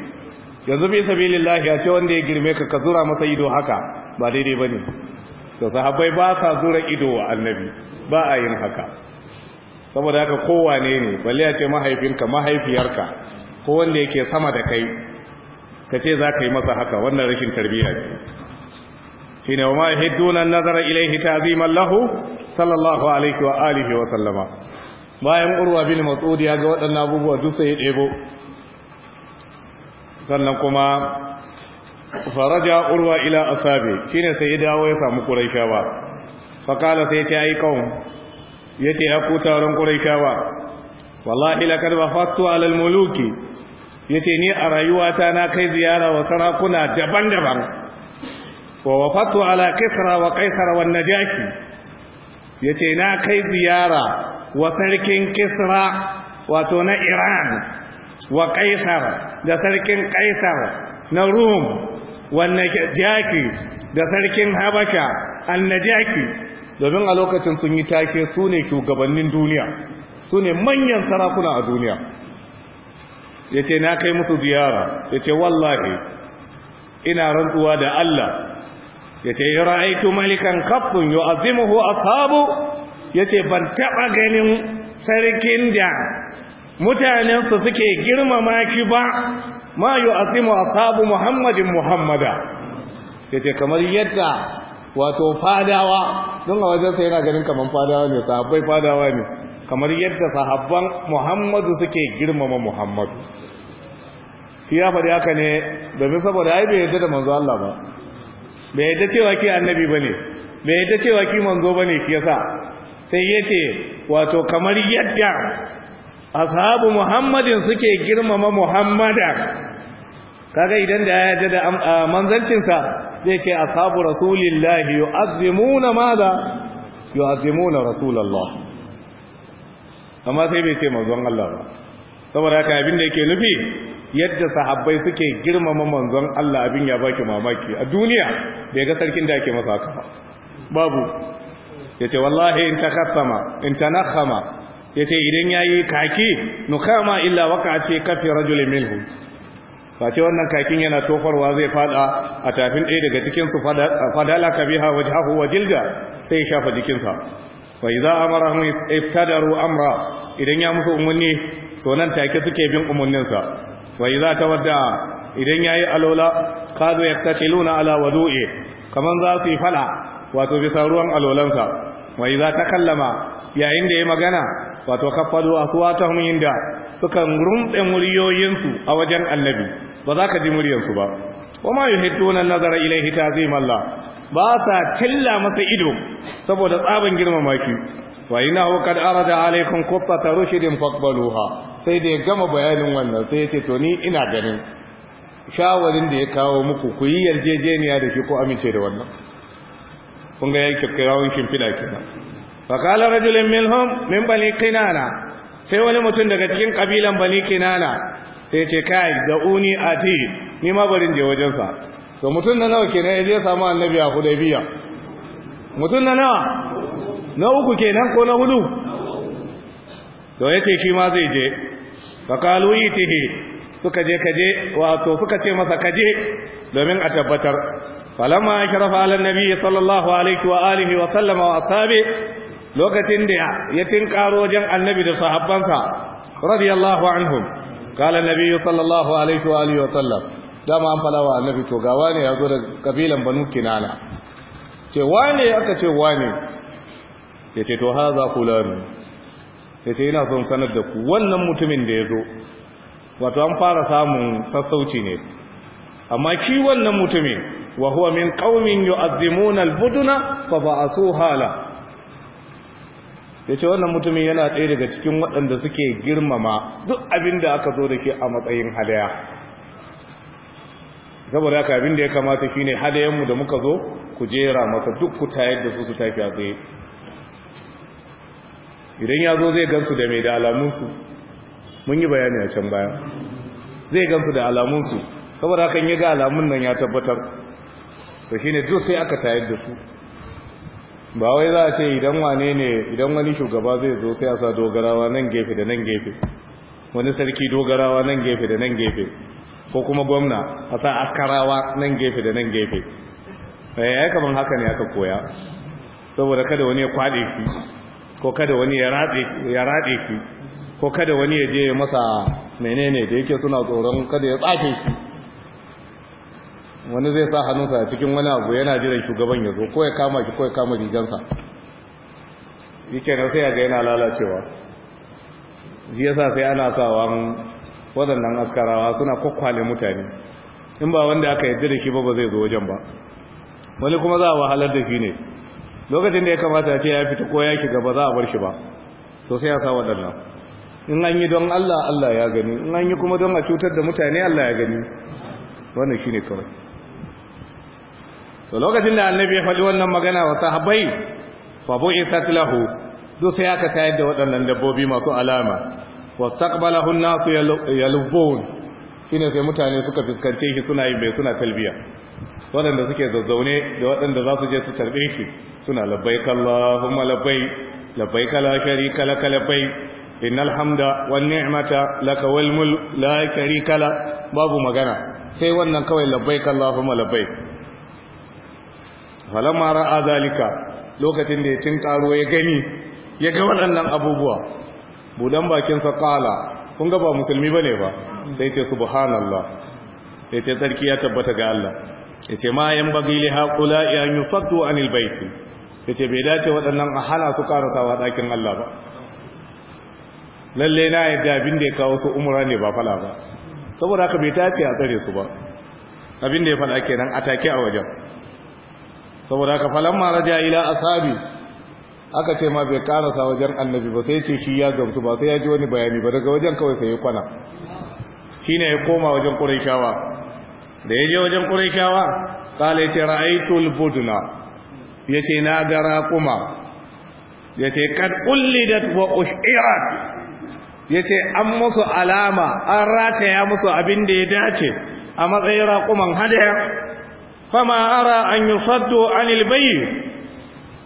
yanzu bi sabilillahi a ce wanda ya girme ka ka zura masa ido haka ba daidai bane to sahabbai ba sa zura ido wa annabi ba a yin haka saboda haka kowane ne balle a ce mahaifinka mahaifiyarka ko wanda yake sama da kai ka ce za ka yi masa haka wannan rashin tarbiyya ne shi ne wa ma hiddunan nazara ilaihi ta'ziman lahu sallallahu alaihi wa alihi wa sallama bayan urwa bin mas'ud ya ga waɗannan abubuwa duk sai ya ɗebo sannan kuma faraja urwa ila Asabe shine sai ya dawo ya samu kuraishawa fakala sai ya ce ai kaum yace ya ku taron kuraishawa wallahi laqad wafattu ala al-muluki yace ni a rayuwata na kai ziyara wa sarakuna daban-daban wa wafattu ala kisra wa kaisar wa najaki yace na kai ziyara wa sarkin kisra wato na iran wa kaisar da sarkin kaisar na rum wa najaki da sarkin habasha an domin a lokacin sun yi take su ne shugabannin duniya su ne manyan sarakuna a duniya ya ce na kai musu ziyara ya ce wallahi ina rantsuwa da Allah ya ce yi ra'aitu malikan kafin yi azimuhu ashabu ya ce ban taɓa ganin sarkin da mutanensu suke girmama ki ba ma yi azimu ashabu muhammadin muhammada ya ce kamar yadda wato fadawa don a wajensa yana ganin kamar fadawa ne sahabbai fadawa ne kamar yadda sahabban muhammadu suke girmama muhammadu shi ya faɗi haka ne domin saboda ai bai yadda da manzo Allah ba bai yadda cewa ki annabi ba ne bai yadda cewa ki manzo ba ne fiye yasa sai ya ce wato kamar yadda ashabu muhammadin suke girmama muhammada kaga idan da ya yadda da manzancinsa zai ce ashabu rasulillahi yu'azzimuna madha yu'azzimuna rasulallah amma sai bai ce manzon Allah ba saboda haka abin da yake nufi yadda sahabbai suke girmama manzon Allah abin ya baki mamaki a duniya bai ga sarkin da yake masa haka babu yace wallahi in takaffama in tanakhama yace idan yayi kaki nukama illa waka fi kafi rajulin minhu ce wannan kakin yana tofarwa zai fada a tafin ɗaya daga cikinsu fadala kabiha wajahu wa jilda sai ya shafa jikinsa fa idza amarahum iftadaru amra idan ya musu umarni to nan take suke bin umarninsa? sa fa idza tawadda idan yayi alola kadu yaktatiluna ala wudu'i kaman za su yi fala wato bisa ruwan alolansa wa idza takallama yayin da ya magana wato kaffalu aswatahum inda sukan rumtse muryoyinsu a wajen annabi ba za ka ji muryarsu ba wa ma yuhidduna nazara ilayhi malla. ba sa killa masa ido saboda tsabin girmama ki wa hu kad arada alaykum qutta rushidin faqbaluha sai da ya gama bayanin wannan sai yace to ni ina ganin shawarin da ya kawo muku ku yi yarjejeniya da shi ko amince da wannan kun ga yake kirawun shimfida kenan fa qala rajulun minhum min bani qinana sai wani mutum daga cikin kabilan bani qinana sai yace kai da uni ati ni ma barin je wajensa to mutum na nawa kenan ya je samu annabi a hudabiya? mutum na nawa na uku kenan ko na hudu to ce shi ma zai je fa qalu itihi suka je kaje wato suka ce masa kaje domin a tabbatar falamma shirafa alan nabi sallallahu alaihi wa alihi wa sallama wa ashabi lokacin da ya tin karo wajen annabi da sahabbansa radiyallahu anhum قال النبي صلى الله عليه وآله وسلم dama an falawa annabi to ga wane ya zo da kabilan banu kinana ce wane aka ce wane ya ce to haza lami. ya ce yana son sanar da ku wannan mutumin da ya zo wato an fara samun sassauci ne amma shi wannan mutumin wa huwa min qaumin yu'azzimuna al-buduna fa ba'asu hala yace wannan mutumin yana ɗaya daga cikin waɗanda suke girmama duk abin da aka zo da ke a matsayin hadaya saboda haka abin da ya kamata shine hadayenmu da muka zo ku jera masa duk ku tayar da su su tafi a tsaye idan ya zo zai gansu da mai da alamunsu mun yi bayani a can baya zai gansu da alamunsu saboda hakan ya ga alamun nan ya tabbatar da shi ne duk sai aka tayar da su ba wai za a ce idan wane ne idan wani shugaba zai zo sai a sa dogarawa nan gefe da nan gefe wani sarki dogarawa nan gefe da nan gefe ko kuma gwamna a sa askarawa nan gefe da nan gefe ya eh, yi kamar haka ne aka koya saboda kada wani ya kwaɗe shi ko kada wani ya raɗe shi ko kada wani ya je masa menene da yake suna tsoron kada ya tsafe shi wani zai sa hannunsa a cikin wani abu yana jiran shugaban ya zo ko ya kama shi ko ya kama rigansa yake na sai ya ga yana lalacewa Jiya sa sai ana sawan waɗannan askarawa suna kwakwale mutane in ba wanda aka yadda da shi ba ba zai zo wajen ba wani kuma za a wahalar da shi ne lokacin da ya kamata ce ya fita ko ya shiga ba za a bar shi ba to sai ya sa waɗannan in an yi don Allah Allah ya gani in an yi kuma don a cutar da mutane Allah ya gani wannan shi ne kawai to lokacin da annabi ya faɗi wannan magana wa sahabbai fa bu'ithat lahu duk sai aka tayar da waɗannan dabbobi masu alama wastaqbalahu an-nasu yalubun shine sai mutane suka fiskance shi suna yi bai suna talbiya waɗanda suke zazzaune da waɗanda za su je su tarbe shi suna labbaik Allahumma labbaik labbai la sharika lak labbai innal hamda wan ni'mata lak wal mul, la sharika lak babu magana sai wannan kawai labbaik Allahumma labbai. falamma ra'a zalika lokacin da ya tintaro ya gani ya ga waɗannan abubuwa budan bakinsa kala kun ga ba musulmi ba ne ba sai ce subhanallah sai ce tsarki ya tabbata ga Allah sai ce ma yan bagi li haƙula ya yi fatu anil baiti Sai ce bai dace waɗannan a hana su wa ɗakin Allah ba lalle na yadda abin da ya kawo su umura ne ba fala ba saboda haka bai tace a tsare su ba abin da ya fala kenan a take a wajen saboda ka falan ma raja ila ashabi aka ce ma bai karasa wajen annabi ba sai ce shi ya gamsu ba sai ya ji wani bayani ba daga wajen kawai sai ya kwana shi ne ya koma wajen ƙuraikawa da ya je wajen ƙuraikawa kala ya ce ra'aitul buduna ya ce na ga raƙuma ya ce kad da wa ƙushira ya ce an musu alama an rataya musu abin da ya dace a matsayin raƙuman hadaya fama ara an yi saddo anil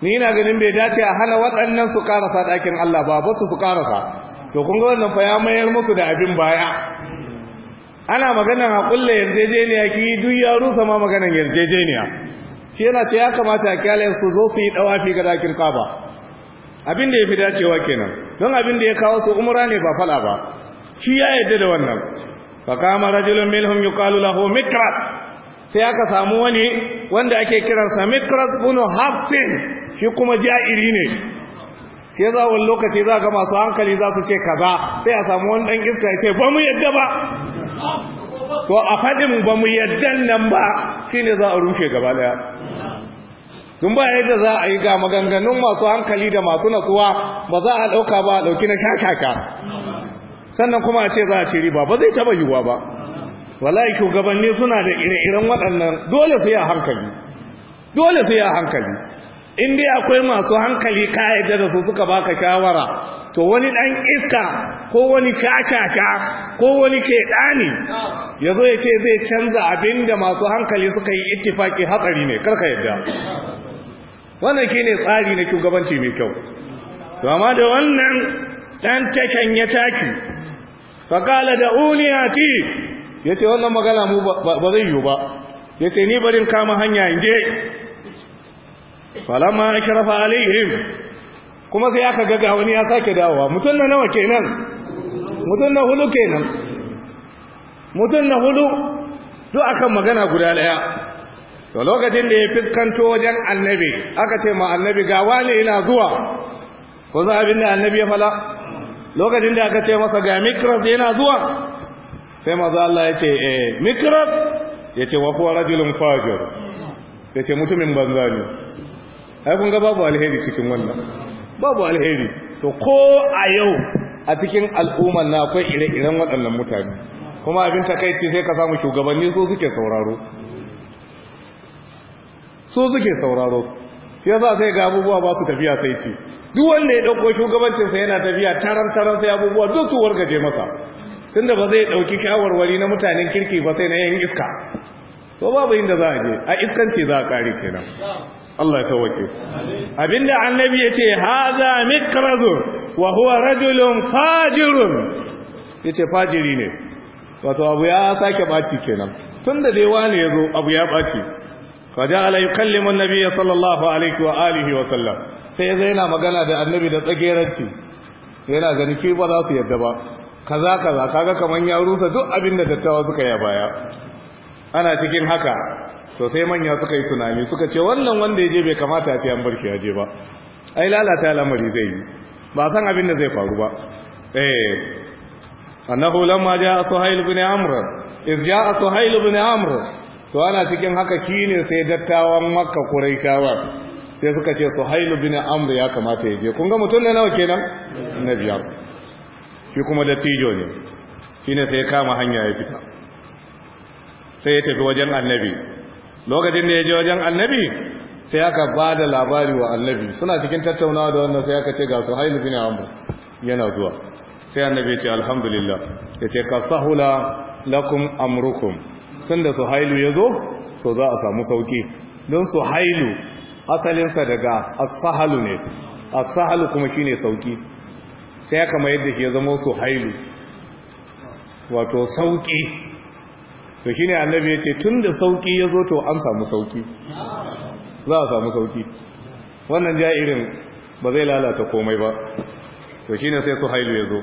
ni na ganin bai dace a hana waɗannan su karasa ɗakin Allah ba ba su su karasa to kun ga wannan fa mayar musu da abin baya ana maganar a yarjejeniya ki duk ya rusa ma maganar yarjejeniya shi yana ce ya kamata a kyale su zo su yi ɗawafi ga ɗakin kaba abin da ya fi dacewa kenan don abin da ya kawo su umra ne ba fala ba shi ya yarda da wannan Ka kama rajulun minhum yuqalu lahu mikrat sai aka samu wani wanda ake kiransa mikrat bunu hafsin shi kuma ja'iri ne sai za wani lokaci za ga masu hankali za su ce kaza sai a samu wani ɗan iska ya ce ba mu yadda ba to a faɗin ba mu yadda nan ba shine za a rushe gaba daya tun ba yadda za a yi ga maganganun masu hankali da masu natsuwa ba za a ɗauka ba a ɗauki na shakaka sannan kuma a ce za a ciri, riba ba zai taɓa yiwuwa ba wallahi shugabanni suna da ire-iren waɗannan dole su dole su yi a hankali in dai akwai masu hankali ka yadda da su suka baka shawara to wani dan iska ko wani kakaka ko wani ke ya zo ya ce zai canza abinda masu hankali suka yi ittifaki hatsari ne karka yadda wannan shine tsari na shugabanci mai kyau to amma da wannan dan takan ya taki fa qala da uniyati yace wannan magana mu ba zai yiwu ba yace ni barin kama hanya inje falamma ashrafa alaihim kuma sai aka ga ga wani ya sake dawowa Mutun na nawa kenan Mutun na hulu kenan Mutun na hulu duk akan magana guda daya to lokacin da ya fiskanto wajen annabi aka ce ma annabi ga wani ina zuwa ko za abin da annabi ya fala lokacin da aka ce masa ga mikrof yana zuwa sai maza Allah ya ce eh mikrof ya ce wa huwa rajulun fajir ya ce mutumin banza ne ai ga babu alheri cikin wannan babu alheri to ko a yau a cikin al'ummar na akwai ire-iren waɗannan mutane kuma abin ta ce sai ka samu shugabanni so suke sauraro so suke sauraro shi yasa sai ga abubuwa ba su tafiya sai ce duk wanda ya dauko shugabancinsa yana tafiya tarantaran sai abubuwa duk su wargaje masa tunda ba zai ɗauki shawarwari na mutanen kirki ba sai na yin iska ba babu inda za a je a iskanci za a kare kenan Allah ya tawake abinda annabi yace haza mikrazu wa huwa rajulun fajirun yace fajiri ne wato abu ya sake baci kenan tunda dai wani yazo abu ya baci ala yukallimu an sallallahu alaihi wa alihi wa sallam sai yazo yana magana da annabi da tsageranci yana gani ki ba za su yadda ba kaza kaza kaga kaman ya rusa duk abinda dattawa suka ya baya ana cikin haka Sosai sai manya suka yi tunani suka ce wannan wanda ya je bai kamata a ce an barke ya je ba ai lalata lamari zai yi ba san abin da zai faru ba eh annahu lamma jaa suhayl ibn amr iz jaa suhayl ibn amr to ana cikin haka kine sai dattawan makka quraishawa sai suka ce suhayl ibn amr ya kamata ya je kun ga mutun ne nawa kenan na ya shi kuma dattijo ne shine sai ya kama hanya ya fita sai ya tafi wajen annabi lokacin da ya je wajen annabi sai aka ba da labari wa annabi suna cikin tattaunawa da wannan sai aka ce ga su haini bin amur yana zuwa sai annabi ya ce alhamdulillah ya ce ka sahula lakum amrukum sun da su hailu ya zo to za a samu sauki don su hailu asalinsa daga asahalu ne asahalu kuma shine sauki sai aka mayar da shi ya zama su hailu wato sauki to shi ne annabi ya ce tun da sauki ya zo to an samu sauki za a samu sauki wannan ja'irin ba zai lalata komai ba to shi ne sai su hailu ya zo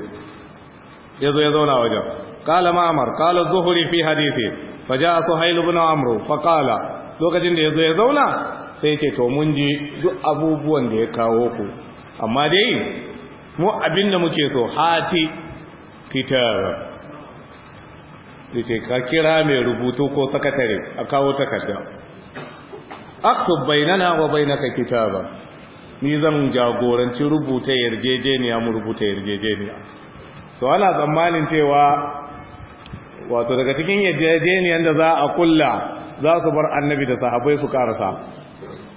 ya zo ya zauna wajen kala ma'amar kala zuhuri fi hadithi fa su suhailu bin amru fa kala lokacin da ya zo ya zauna sai ce to mun ji duk abubuwan da ya kawo ku amma dai mu abin da muke so hati fitar yace ka kira mai rubutu ko sakatare a kawo takarda aktub bainana wa bainaka kitaba ni zan jagoranci rubuta yarjejeniya mu rubuta yarjejeniya to ana tsammanin cewa wato daga cikin yarjejeniyan da za a kulla za su bar annabi da sahabbai su karasa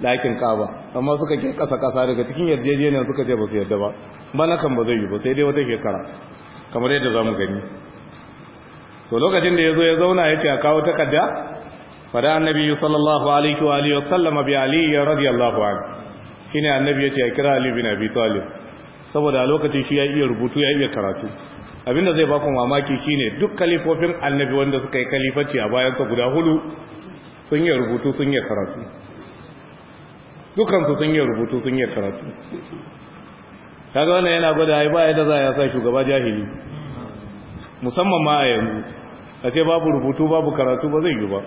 ɗakin kaba amma suka ke ƙasa-ƙasa daga cikin yarjejeniyar suka ce ba su yarda ba malakan ba zai yi ba sai dai wata shekara kamar yadda za mu gani to lokacin da ya zo ya zauna ya ce a kawo takarda fada annabi sallallahu alaihi wa alihi wasallama bi ali radiyallahu anhu shine annabi ya ce a kira ali bin abi talib saboda a lokacin shi ya iya rubutu ya iya karatu abinda zai baku mamaki shine duk kalifofin annabi wanda suka yi kalifaci a bayan ka guda hudu sun yi rubutu sun yi karatu su sun yi rubutu sun yi karatu kaga wannan yana gwada ai ba yadda za a sa shugaba jahili musamman ma a yanzu a ce babu rubutu babu karatu ba zai yi ba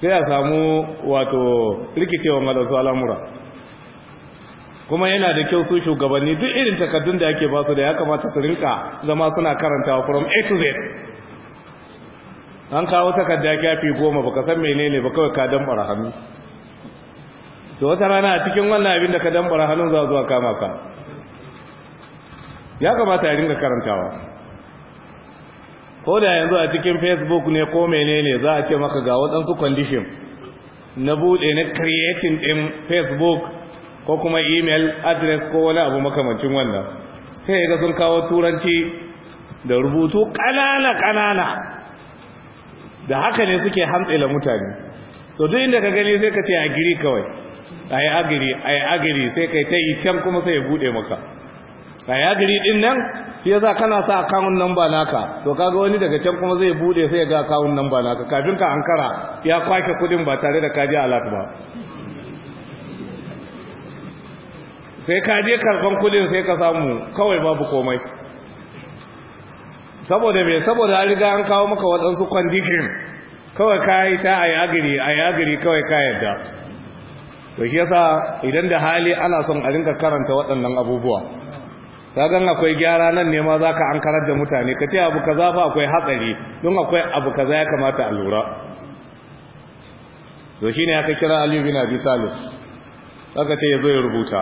sai a samu wato rikicewa wadansu al'amura kuma yana da kyau su shugabanni duk irin takardun da ake basu da ya kamata su rinka zama suna karantawa from a to z an kawo takarda kyafi goma baka san menene ba kawai ka dambara hannu to wata rana a cikin wannan abin da ka dambara hannun za zuwa kama ka ya kamata ya rinka karantawa ko da yanzu a cikin facebook ne ko menene za a ce maka ga waɗansu condition na buɗe na creating ɗin facebook ko kuma email address ko wani abu makamancin wannan sai ga sun kawo turanci da rubutu ƙanana-ƙanana da haka ne suke hantsila mutane so duk inda ka gani sai ka ce agiri kawai ayi agiri ayi agiri sai kai ta yi can kuma sai ya bude maka a gari din nan shi yasa kana sa akawun namba naka to kaga wani daga can kuma zai bude sai ga akawun namba naka kafin ka ankara ya kwashe kudin ba tare da kaji alat ba sai ka je karban kudin sai ka samu kawai babu komai saboda me saboda an riga an kawo maka waɗansu condition kawai ka yi ta a yagiri a yagiri kawai ka yadda to shi yasa idan da hali ana son a rinka karanta waɗannan abubuwa kagan akwai gyara nan ne ma zaka ankarar da mutane ka ce abu kaza fa akwai hatsari don akwai abu kaza ya kamata a lura to shine aka kira Ali bin Abi Talib ka ce yazo ya rubuta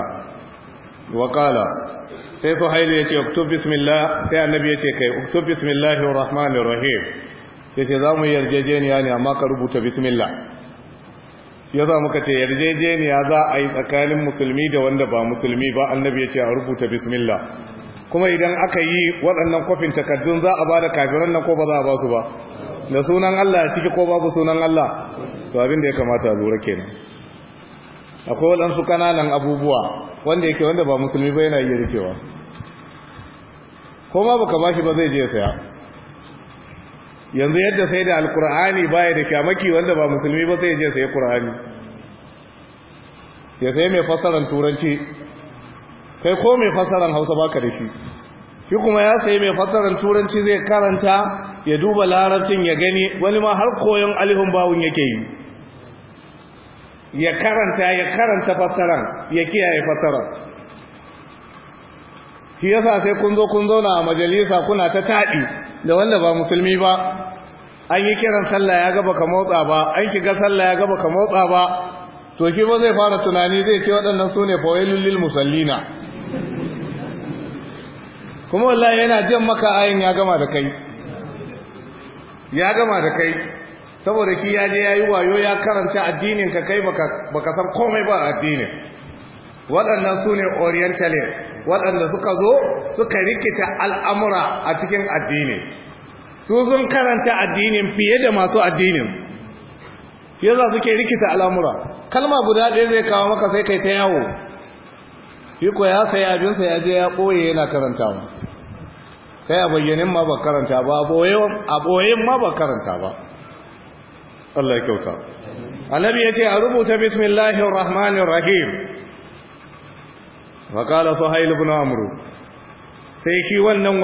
wa qala sai Suhail yace uktub bismillah sai annabi yace kai uktub bismillahir rahmanir rahim yace zamu yarjejeniya ne amma ka rubuta bismillah ya za muka ce yarjejeniya za a yi tsakanin musulmi da wanda ba musulmi ba annabi ya ce a rubuta bismillah kuma idan aka yi waɗannan kwafin takardun za a ba da kafiran nan ko ba za a ba su ba da sunan Allah ya ciki ko babu sunan Allah to abin da ya kamata a lura kenan akwai waɗansu kananan abubuwa wanda yake wanda ba musulmi ba yana iya rikewa ko ma baka bashi ba zai je saya yanzu yadda sai da alkur'ani baya da shamaki wanda ba musulmi ba sai je sai kur'ani ya sai mai fasaran turanci kai ko mai fasaran hausa baka da shi shi kuma ya sai mai fasaran turanci zai karanta ya duba larabcin ya gani wani ma har koyon alihun bawun yake yi ya karanta ya karanta fasaran ya kiyaye fasaran shi yasa sai kun zo kun zauna a majalisa kuna ta taɗi da wanda ba musulmi ba an yi kiran sallah ya gaba ka motsa ba an shiga sallah ya gaba ka motsa ba to shi ba zai fara tunani zai ce waɗannan su ne fawailun lil musallina kuma wallahi yana jan maka ayin ya gama da kai ya gama da kai saboda shi ya je ya yi wayo ya karanta addinin ka kai baka san komai ba addinin waɗannan su ne orientalist waɗanda suka zo suka rikita al'amura a cikin addini su sun karanta addinin fiye da masu addinin fiye za suke rikita al'amura kalma guda ɗaya zai kawo maka sai kai ta yawo fi ko ya sayi abinsa ya je ya ɓoye yana wa kai a bayyanin ma ba karanta ba a ɓoyen ma ba karanta ba Allah ya kyauta annabi ya ce a rubuta bismillahir rahmanir rahim faƙala suhail ibn amru sai shi wannan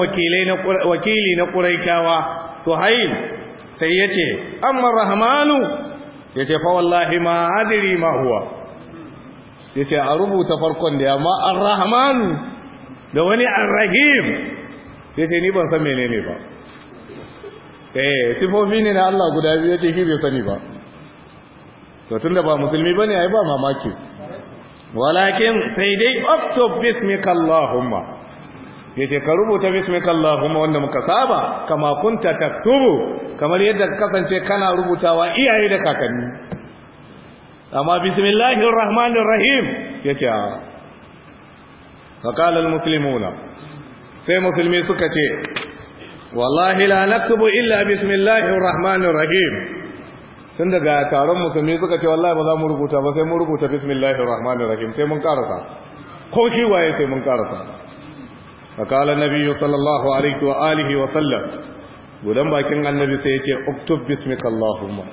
wakili na ƙuraikawa suhail sai ya ce amma rahmanu ya ce fa wallahi ma adiri ma huwa ya ce a rubuta farkon da yamma an rahmanu da wani an rahim ya ce ni ban san menene ba eh sifofi ne na Allah guda biyu ya ce shi bai sani ba to tunda ba musulmi bane ai ba mamaki walakin sai dai oktob bismika Allahumma yace ka rubuta bismika Allahumma wanda muka saba kama kunta taktubu kamar yadda ka kasance kana rubutawa iyaye da kakanni amma bismillahir rahmanir rahim yace fa qala al muslimuna sai musulmi suka ce wallahi la naktubu illa bismillahir rahmanir rahim tun daga taron musulmi suka ce wallahi ba za mu rubuta ba sai mun rubuta bismillahir rahmanir rahim sai mun karasa ko shi waye sai mun karasa fakala nabiyyu sallallahu alaihi wa alihi wa sallam gudan bakin annabi sai yace uktub bismika allahumma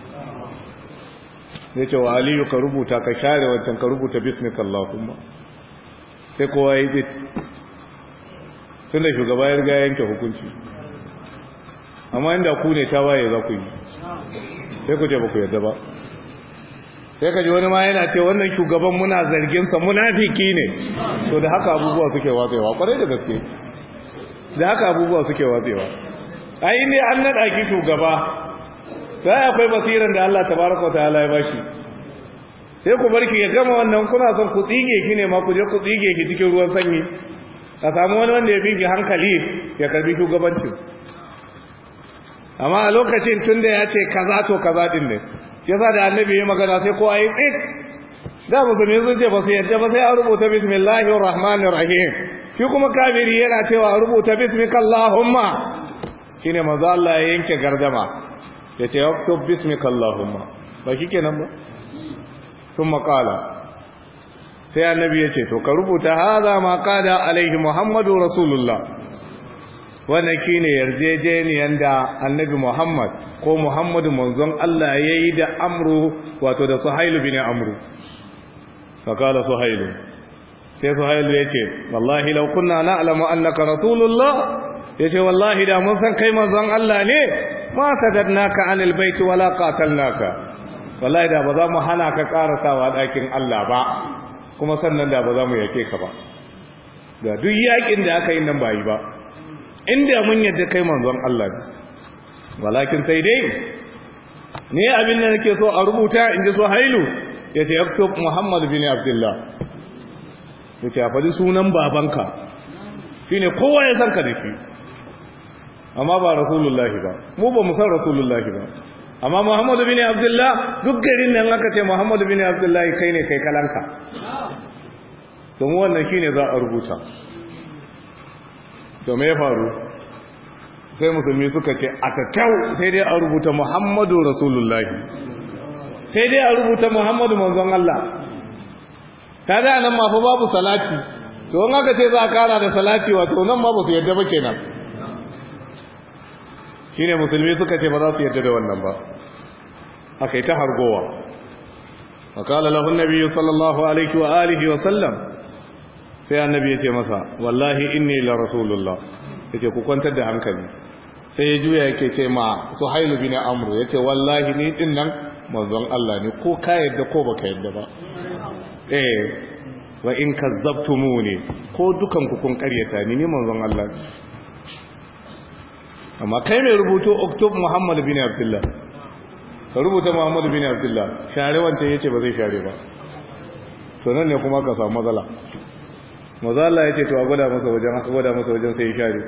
yace wa ka rubuta ka share wancan ka rubuta bismika allahumma sai kowa yi bit tunda shugaba ya riga yanke hukunci amma inda ku ne ta waye za ku yi sai ku je ba ku yadda ba sai ka ji wani ma yana ce wannan shugaban muna zarginsa munafiki ne to da haka abubuwa suke watsewa kwarai da gaske da haka abubuwa suke watsewa ai ne an nada ki shugaba sai akwai basiran da Allah tabaraka wa ta'ala ya bashi sai ku barki ya gama wannan kuna son ku tsige ki ne ma ku je ku tsige ki cikin ruwan sanyi a samu wani wanda ya bi ki hankali ya karbi shugabancin amma a lokacin tun da ya ce kaza to kaza ɗin ne ya sa da annabi ya magana sai ko a yi tsit da musulmi sun ce ba su yadda ba sai a rubuta bismillahir rahmanir rahim shi kuma kabiri yana cewa a rubuta bismika allahumma shine maza Allah ya yanke gardama ya ce yaktub bismika allahumma ba shi kenan ba sun qala sai annabi ya ce to ka rubuta haza ma kada alaihi muhammadu rasulullah wannan kine yarjejeniyan da annabi Muhammad ko Muhammadu manzon Allah yayi da Amru wato da Suhailu bin Amru fakala Suhailu sai Suhailu yace wallahi laukuna kunna na'lamu annaka rasulullah yace wallahi da mun san kai manzon Allah ne ma naka anil bait wala qatalnaka wallahi da ba za mu hana ka karasawa ɗakin Allah ba kuma sannan da ba za mu yake ka ba da duk yakin da aka yi nan ba yi ba inda mun yadda kai manzon Allah ne walakin sai dai ne abin da nake so a rubuta in so hailu Yace ce yaktub muhammad bin abdullah yace a faɗi sunan babanka shine kowa ya san ka da shi amma ba rasulullahi ba mu ba mu san rasulullahi ba amma muhammad bin abdullah duk garin nan aka ce muhammad bin abdullah kai ne kai kalanka to mu wannan shine za a rubuta to mai faru sai musulmi suka ce a kyau sai dai a rubuta muhammadu rasulullah sai dai a rubuta muhammadu manzon Allah ta zai ma fa babu salati to wani aka ce za a kara da salati wato nan ma ba su yadda ba kenan ne musulmi suka ce ba za su yadda da wannan ba A kai ta hargowa وقال له sallallahu alaihi الله wa وآله وسلم sai annabi ya ce masa wallahi inni la rasulullah yace ku kwantar da hankali sai ya juya yake ce ma suhailu bin amru yace wallahi ni din nan manzon Allah ne ko ka yadda ko baka yadda ba eh wa in kazzabtumuni ko dukan ku kun karyata ni ni manzon Allah amma kai mai rubuto oktob muhammad bin abdullah ka rubuta muhammad bin abdullah share wancan yace ba zai share ba to nan ne kuma ka samu matsala maza Allah ya ce to a gwada masa wajen gwada masa wajen sai ya share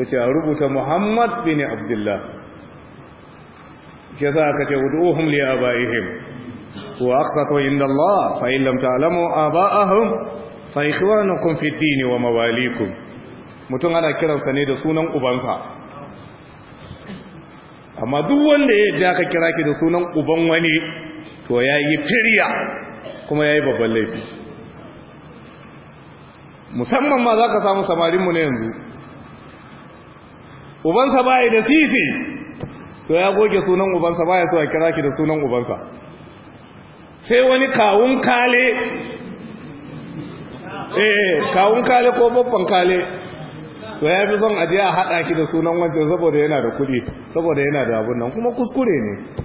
ya ce a rubuta muhammad bin abdullah ke za aka ce wudu'uhum li abaihim wa aqsatu inda Allah fa in lam ta'lamu abaahum fa ikhwanukum fi dini wa mawalikum mutum ana kiransa ne da sunan ubansa amma duk wanda ya yadda aka kira ki da sunan uban wani to ya yi firya kuma ya yi babban laifi musamman ma za ka samu samarinmu na yanzu ubansa baya da sisi to ya goge sunan ubansa ba ya so a kira ki da sunan ubansa sai wani kawun kale eh kawun kale ko babban kale to ya fi son aje a haɗa ki da sunan wancan saboda yana da kuɗi saboda yana da abun nan kuma kuskure ne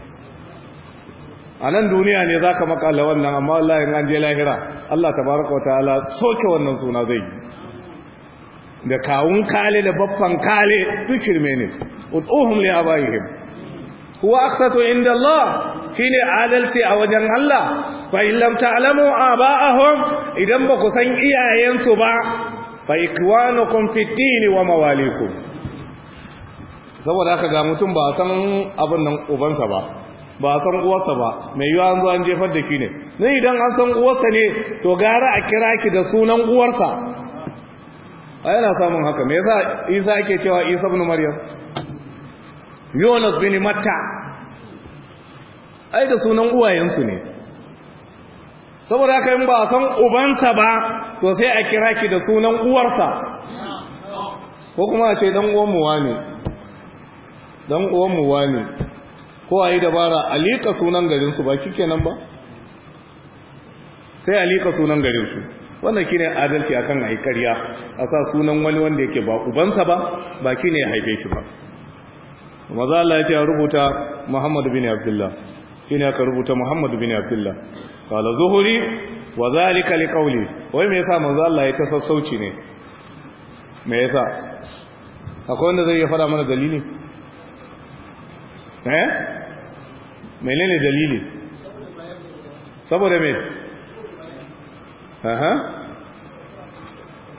a nan duniya ne za ka makala wannan amma Allah in an je lahira Allah ta baraka wa ta'ala soke wannan suna zai yi da kawun kale da babban kale duk shirme ne ya bayi him Kuwa aqsatu inda Allah shine adalci a wajen Allah fa a ba a hon idan ba ku san iyayensu ba fa ikwanukum fid wa mawalikum saboda aka ga mutum ba san abin nan ubansa ba ba a san uwarsa ba mai yiwa an zo an jefar da ki ne nan idan an san uwarsa ne to gara a kira ki da sunan uwarsa a yana samun haka me yasa isa ake cewa isa ibn maryam yonas bin matta ai da sunan uwayensu ne saboda haka in ba a san ubansa ba to sai a kira ki da sunan uwarsa ko kuma a ce dan uwan muwa ne dan uwan ne ko a yi dabara a liƙa sunan garinsu ba kike nan ba sai a liƙa sunan garinsu wannan shi ne adalci a kan haikariya a sa sunan wani wanda yake ba ubansa ba ba ki ne haife shi ba maza Allah ya ce rubuta muhammadu bin abdullah shi ne aka rubuta muhammadu bin abdullah kala zuhuri wa zalika liqauli wai me yasa manzo Allah ya ta sassauci ne me yasa akwai wanda zai iya fara mana dalili eh menene dalili saboda me aha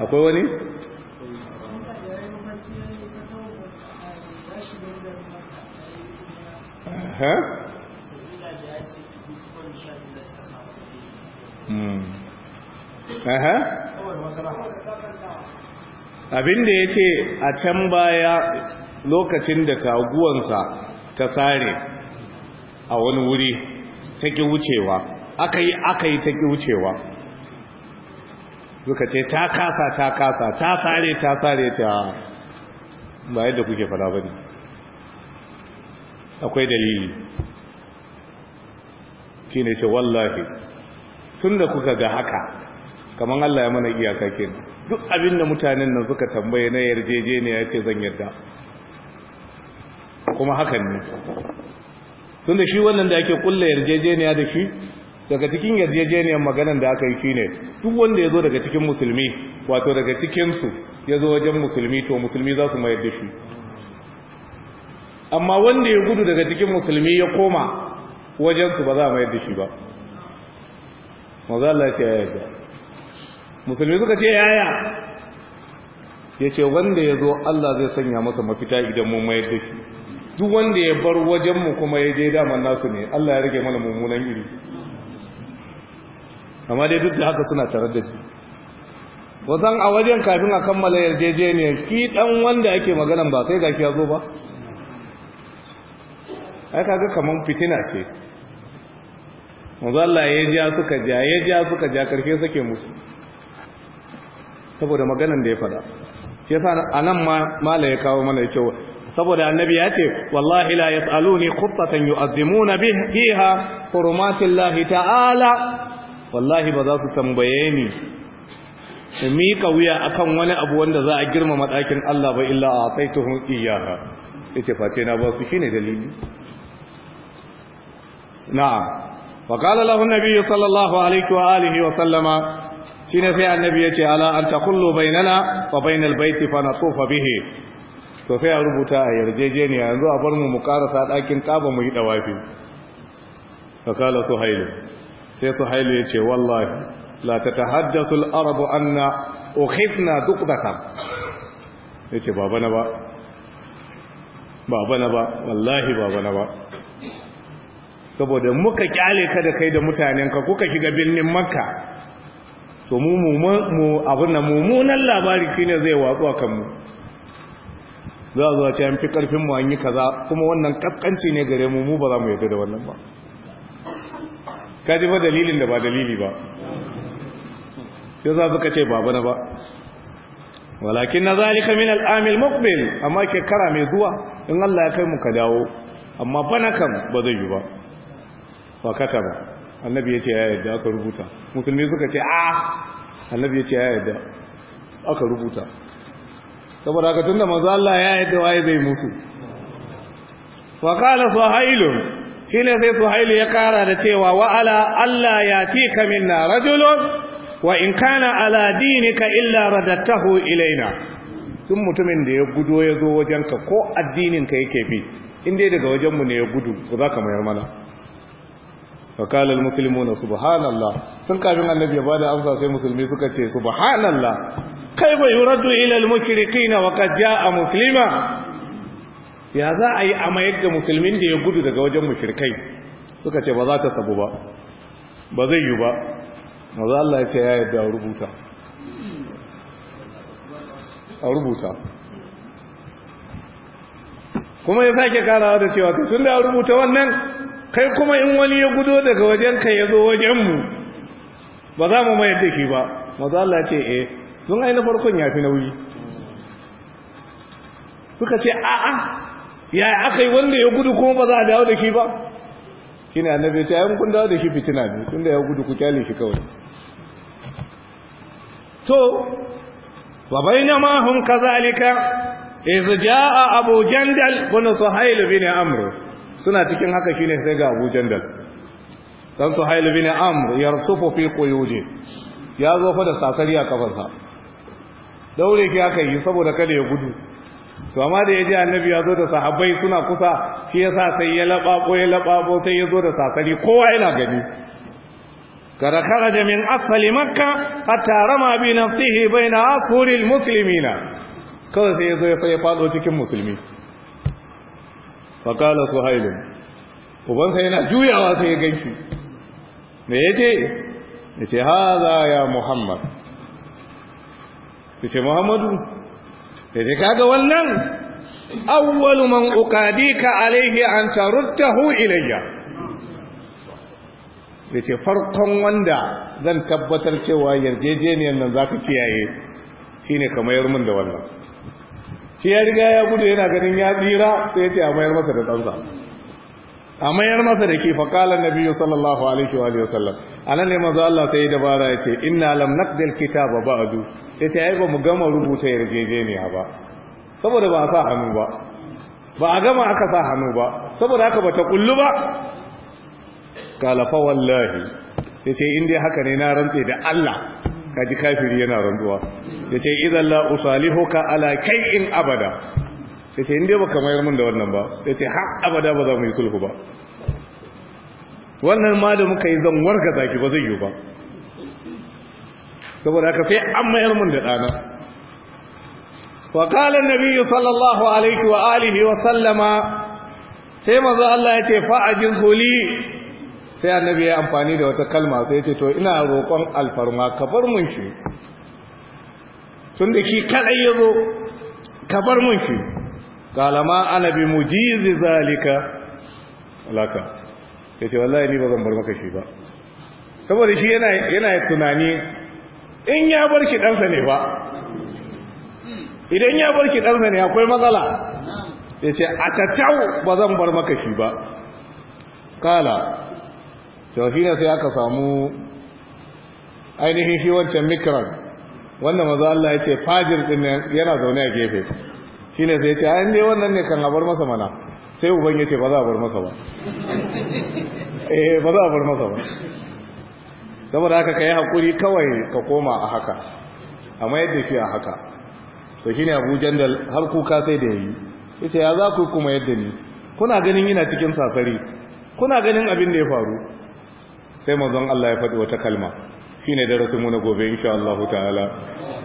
akwai wani aha hmm. aha abinda ya ce a can baya lokacin da taguwansa ta tsare a wani wuri ta ki wucewa aka yi aka yi ta ki wucewa suka ce ta kasa ta kasa ta tsare ta tsare ta ba yadda kuke fada ba ne akwai dalili ki ne ce wallahi tun da kuka ga haka kamar Allah ya mana iyaka kenan duk abinda mutanen nan suka tambaye na yarjejeniya ya ce zan yarda kuma hakan ne tun da shi wannan da ake kulla yarjejeniya da shi daga cikin yarjejeniyar maganan da aka yi shi ne, duk wanda ya zo daga cikin musulmi wato daga cikinsu ya zo wajen musulmi to musulmi za su mayar da shi amma wanda ya gudu daga cikin musulmi ya koma wajensu ba za a mayar da shi ba maza Allah ce ya ce musulmi suka ce yaya ya ce wanda ya zo Allah zai sanya masa mafita idan mun mayar da shi duk wanda ya bar wajenmu kuma ya je daman nasu ne Allah ya rage mana mummunan iri amma dai duk da haka suna tare da shi wasan a wajen kafin a kammala yarjejeniyar ki dan wanda ake maganan ba sai gaki ya zo ba ai kaga kaman fitina ce wazalla ya ja suka ja ya ja suka ja karshe suke musu saboda maganan da ya fada shi yasa anan ma mala ya kawo mana ya ce saboda annabi ya ce wallahi la yasaluni khuttatan yu'azzimuna biha hurumatillahi ta'ala wallahi ba za su tambaye ni su miƙa wuya akan wani abu wanda za a girmama ɗakin Allah ba illa a taituhun iyaha ya ce face na ba su shi ne dalili na'am wa kala lahun nabi sallallahu alaihi wa alihi wa sallama shine sai annabi ya ce ala an taqullu bainana wa bainal baiti fa natufa bihi to sai a rubuta a yarjejeniya yanzu a bar mu mu karasa ɗakin kaba mu yi ɗawafi fakala su hailu sai su hailu ya ce wallahi la ta arabu al'arabu anna duk duqdaka ya ce baba na ba baba na ba wallahi baba na ba saboda muka kyale ka da kai da mutanenka kuka shiga birnin makka to mu mu abin da mummunan labari shine zai watsu a kanmu za zuwa ce an fi karfin mu an yi kaza kuma wannan kaskanci ne gare mu mu ba za mu yarda da wannan ba kaji ba dalilin da ba dalili ba sai za su ce ba bana ba walakin na zalika min al'amil muqbil amma shekara mai zuwa in Allah ya kai mu ka dawo amma bana kan ba zai yi ba Ba kata ba annabi ya ce ya yadda aka rubuta musulmi suka ce a ah! annabi ya ce ya yadda aka rubuta saboda haka da manzo Allah ya yadda waye zai musu wa Suha'ilu, shi ne sai suhailu ya kara da cewa wa ala fi kamin na rajulun wa in kana ala ka illa radattahu ilaina tun mutumin da ya gudo ya zo wajenka ko addinin ka yake bi in dai daga wajenmu ne ya gudu ba za ka mayar mana فقال المسلمون سبحان الله sun kafin annabi ya bada amsa sai musulmi suka ce subhanallah kaifa yuraddu ila almushrikin wa qad jaa muslima ya za a yi amayar da musulmin da ya gudu daga wajen mushrikai suka ce ba za ta sabu ba ba zai yi ba maza Allah ya ce ya yadda a rubuta a rubuta kuma ya sake karawa da cewa tun da rubuta wannan kai kuma in wani ya gudo daga wajenka ya zo wajenmu ba za mu mayar da shi ba mazu Allah ce eh don aina farkon ya fi nauyi suka ce a'a ya aka yi wanda ya gudu kuma ba za a dawo da shi ba shi ne annabi ta yi kun dawo da shi fitina ne tun da ya gudu ku kyale shi kawai to wa bayna ma hum kazalika idh jaa abu jandal bin suhayl bin amr suna cikin haka ne sai ga Abu Jandal dan Suhail bin Amr yarsufu fi quyudi ya zo fa sasari a kafarsa daure ki aka yi saboda kada ya gudu to amma da yaji annabi ya zo da sahabbai suna kusa shi yasa sai ya labako ya labako sai ya zo da sasari kowa yana gani kada kharaja min asfali makka hatta rama bi nafsihi baina ashuril muslimina kawai sai ya zo ya fado cikin musulmi faƙala su hailun ubansa yana juyawa sai ya ganshi me ya ce ya ce haza ya muhammad ya ce muhammadu ya ce kaga wannan awwalu man uqadika alaihi an taruddahu ilayya ya ce farkon wanda zan tabbatar cewa yarjejeniyar nan za zaka kiyaye shine kamar min da wannan shi ya riga ya gudu yana ganin ya tsira sai ya ce a mayar masa da ɗansa a mayar masa da ke faƙalar na biyu sallallahu alaihi wa sallam a nan ne mazu Allah sai dabara ya ce ina lam ba ba ba'du ya ce ai ba mu gama rubuta yarjejeniya ba saboda ba a sa hannu ba ba a gama aka sa hannu ba saboda haka ba ta kullu ba kala wallahi ya ce in dai haka ne na rantse da Allah kaji kafiri yana randuwa ya ce idan la ka ala kai'in abada ya ce inda ba mayar mun da wannan ba ya ce ha abada ba za mu yi sulhu ba wannan ma da muka yi zan warka zaki ba zai yi ba saboda haka sai an mayar mun da ɗana وقال sallallahu alaihi wa alihi wa sallama, sai manzo Allah ya ce fa'ajin huli sai annabi ya amfani da wata kalma sai ce to ina roƙon alfarma ka bar mun shi tun da shi kadai ya zo ka bar mun shi kalama Annabi bi mujizi zalika alaka ya ce wallahi ni ba zan bar maka shi ba saboda shi yana tunani in ya bar shi ɗansa ne ba idan ya bar shi ɗansa ne akwai matsala ya ce a tattau ba zan bar maka shi ba kala to shi ne sai aka samu ainihin shi wancan mikran wanda maza Allah ya ce fajir din yana zaune a gefe shi ne sai ya ce ainihin wannan ne kan abar masa mana sai uban ya ce ba za a bar masa ba eh ba za a bar masa ba saboda haka ka yi haƙuri kawai ka koma a haka amma yadda ke a haka to shi ne abu jandal har kuka sai da ya yi ita ya za ku kuma yadda ni kuna ganin yana cikin sasari kuna ganin abin da ya faru sai manzon Allah ya faɗi wata kalma shine darasin mu na gobe insha Allah ta'ala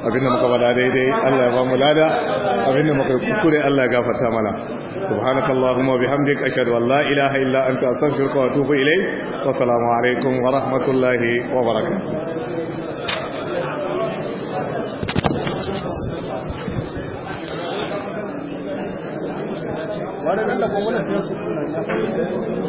abinda muka bada daidai Allah ya ba mu lada abinda muka kure Allah ya gafarta mana subhanakallahumma bihamdika ashhadu an la ilaha illa anta astaghfiruka wa atubu ilayk wa assalamu alaikum wa rahmatullahi wa barakatuh Wani nan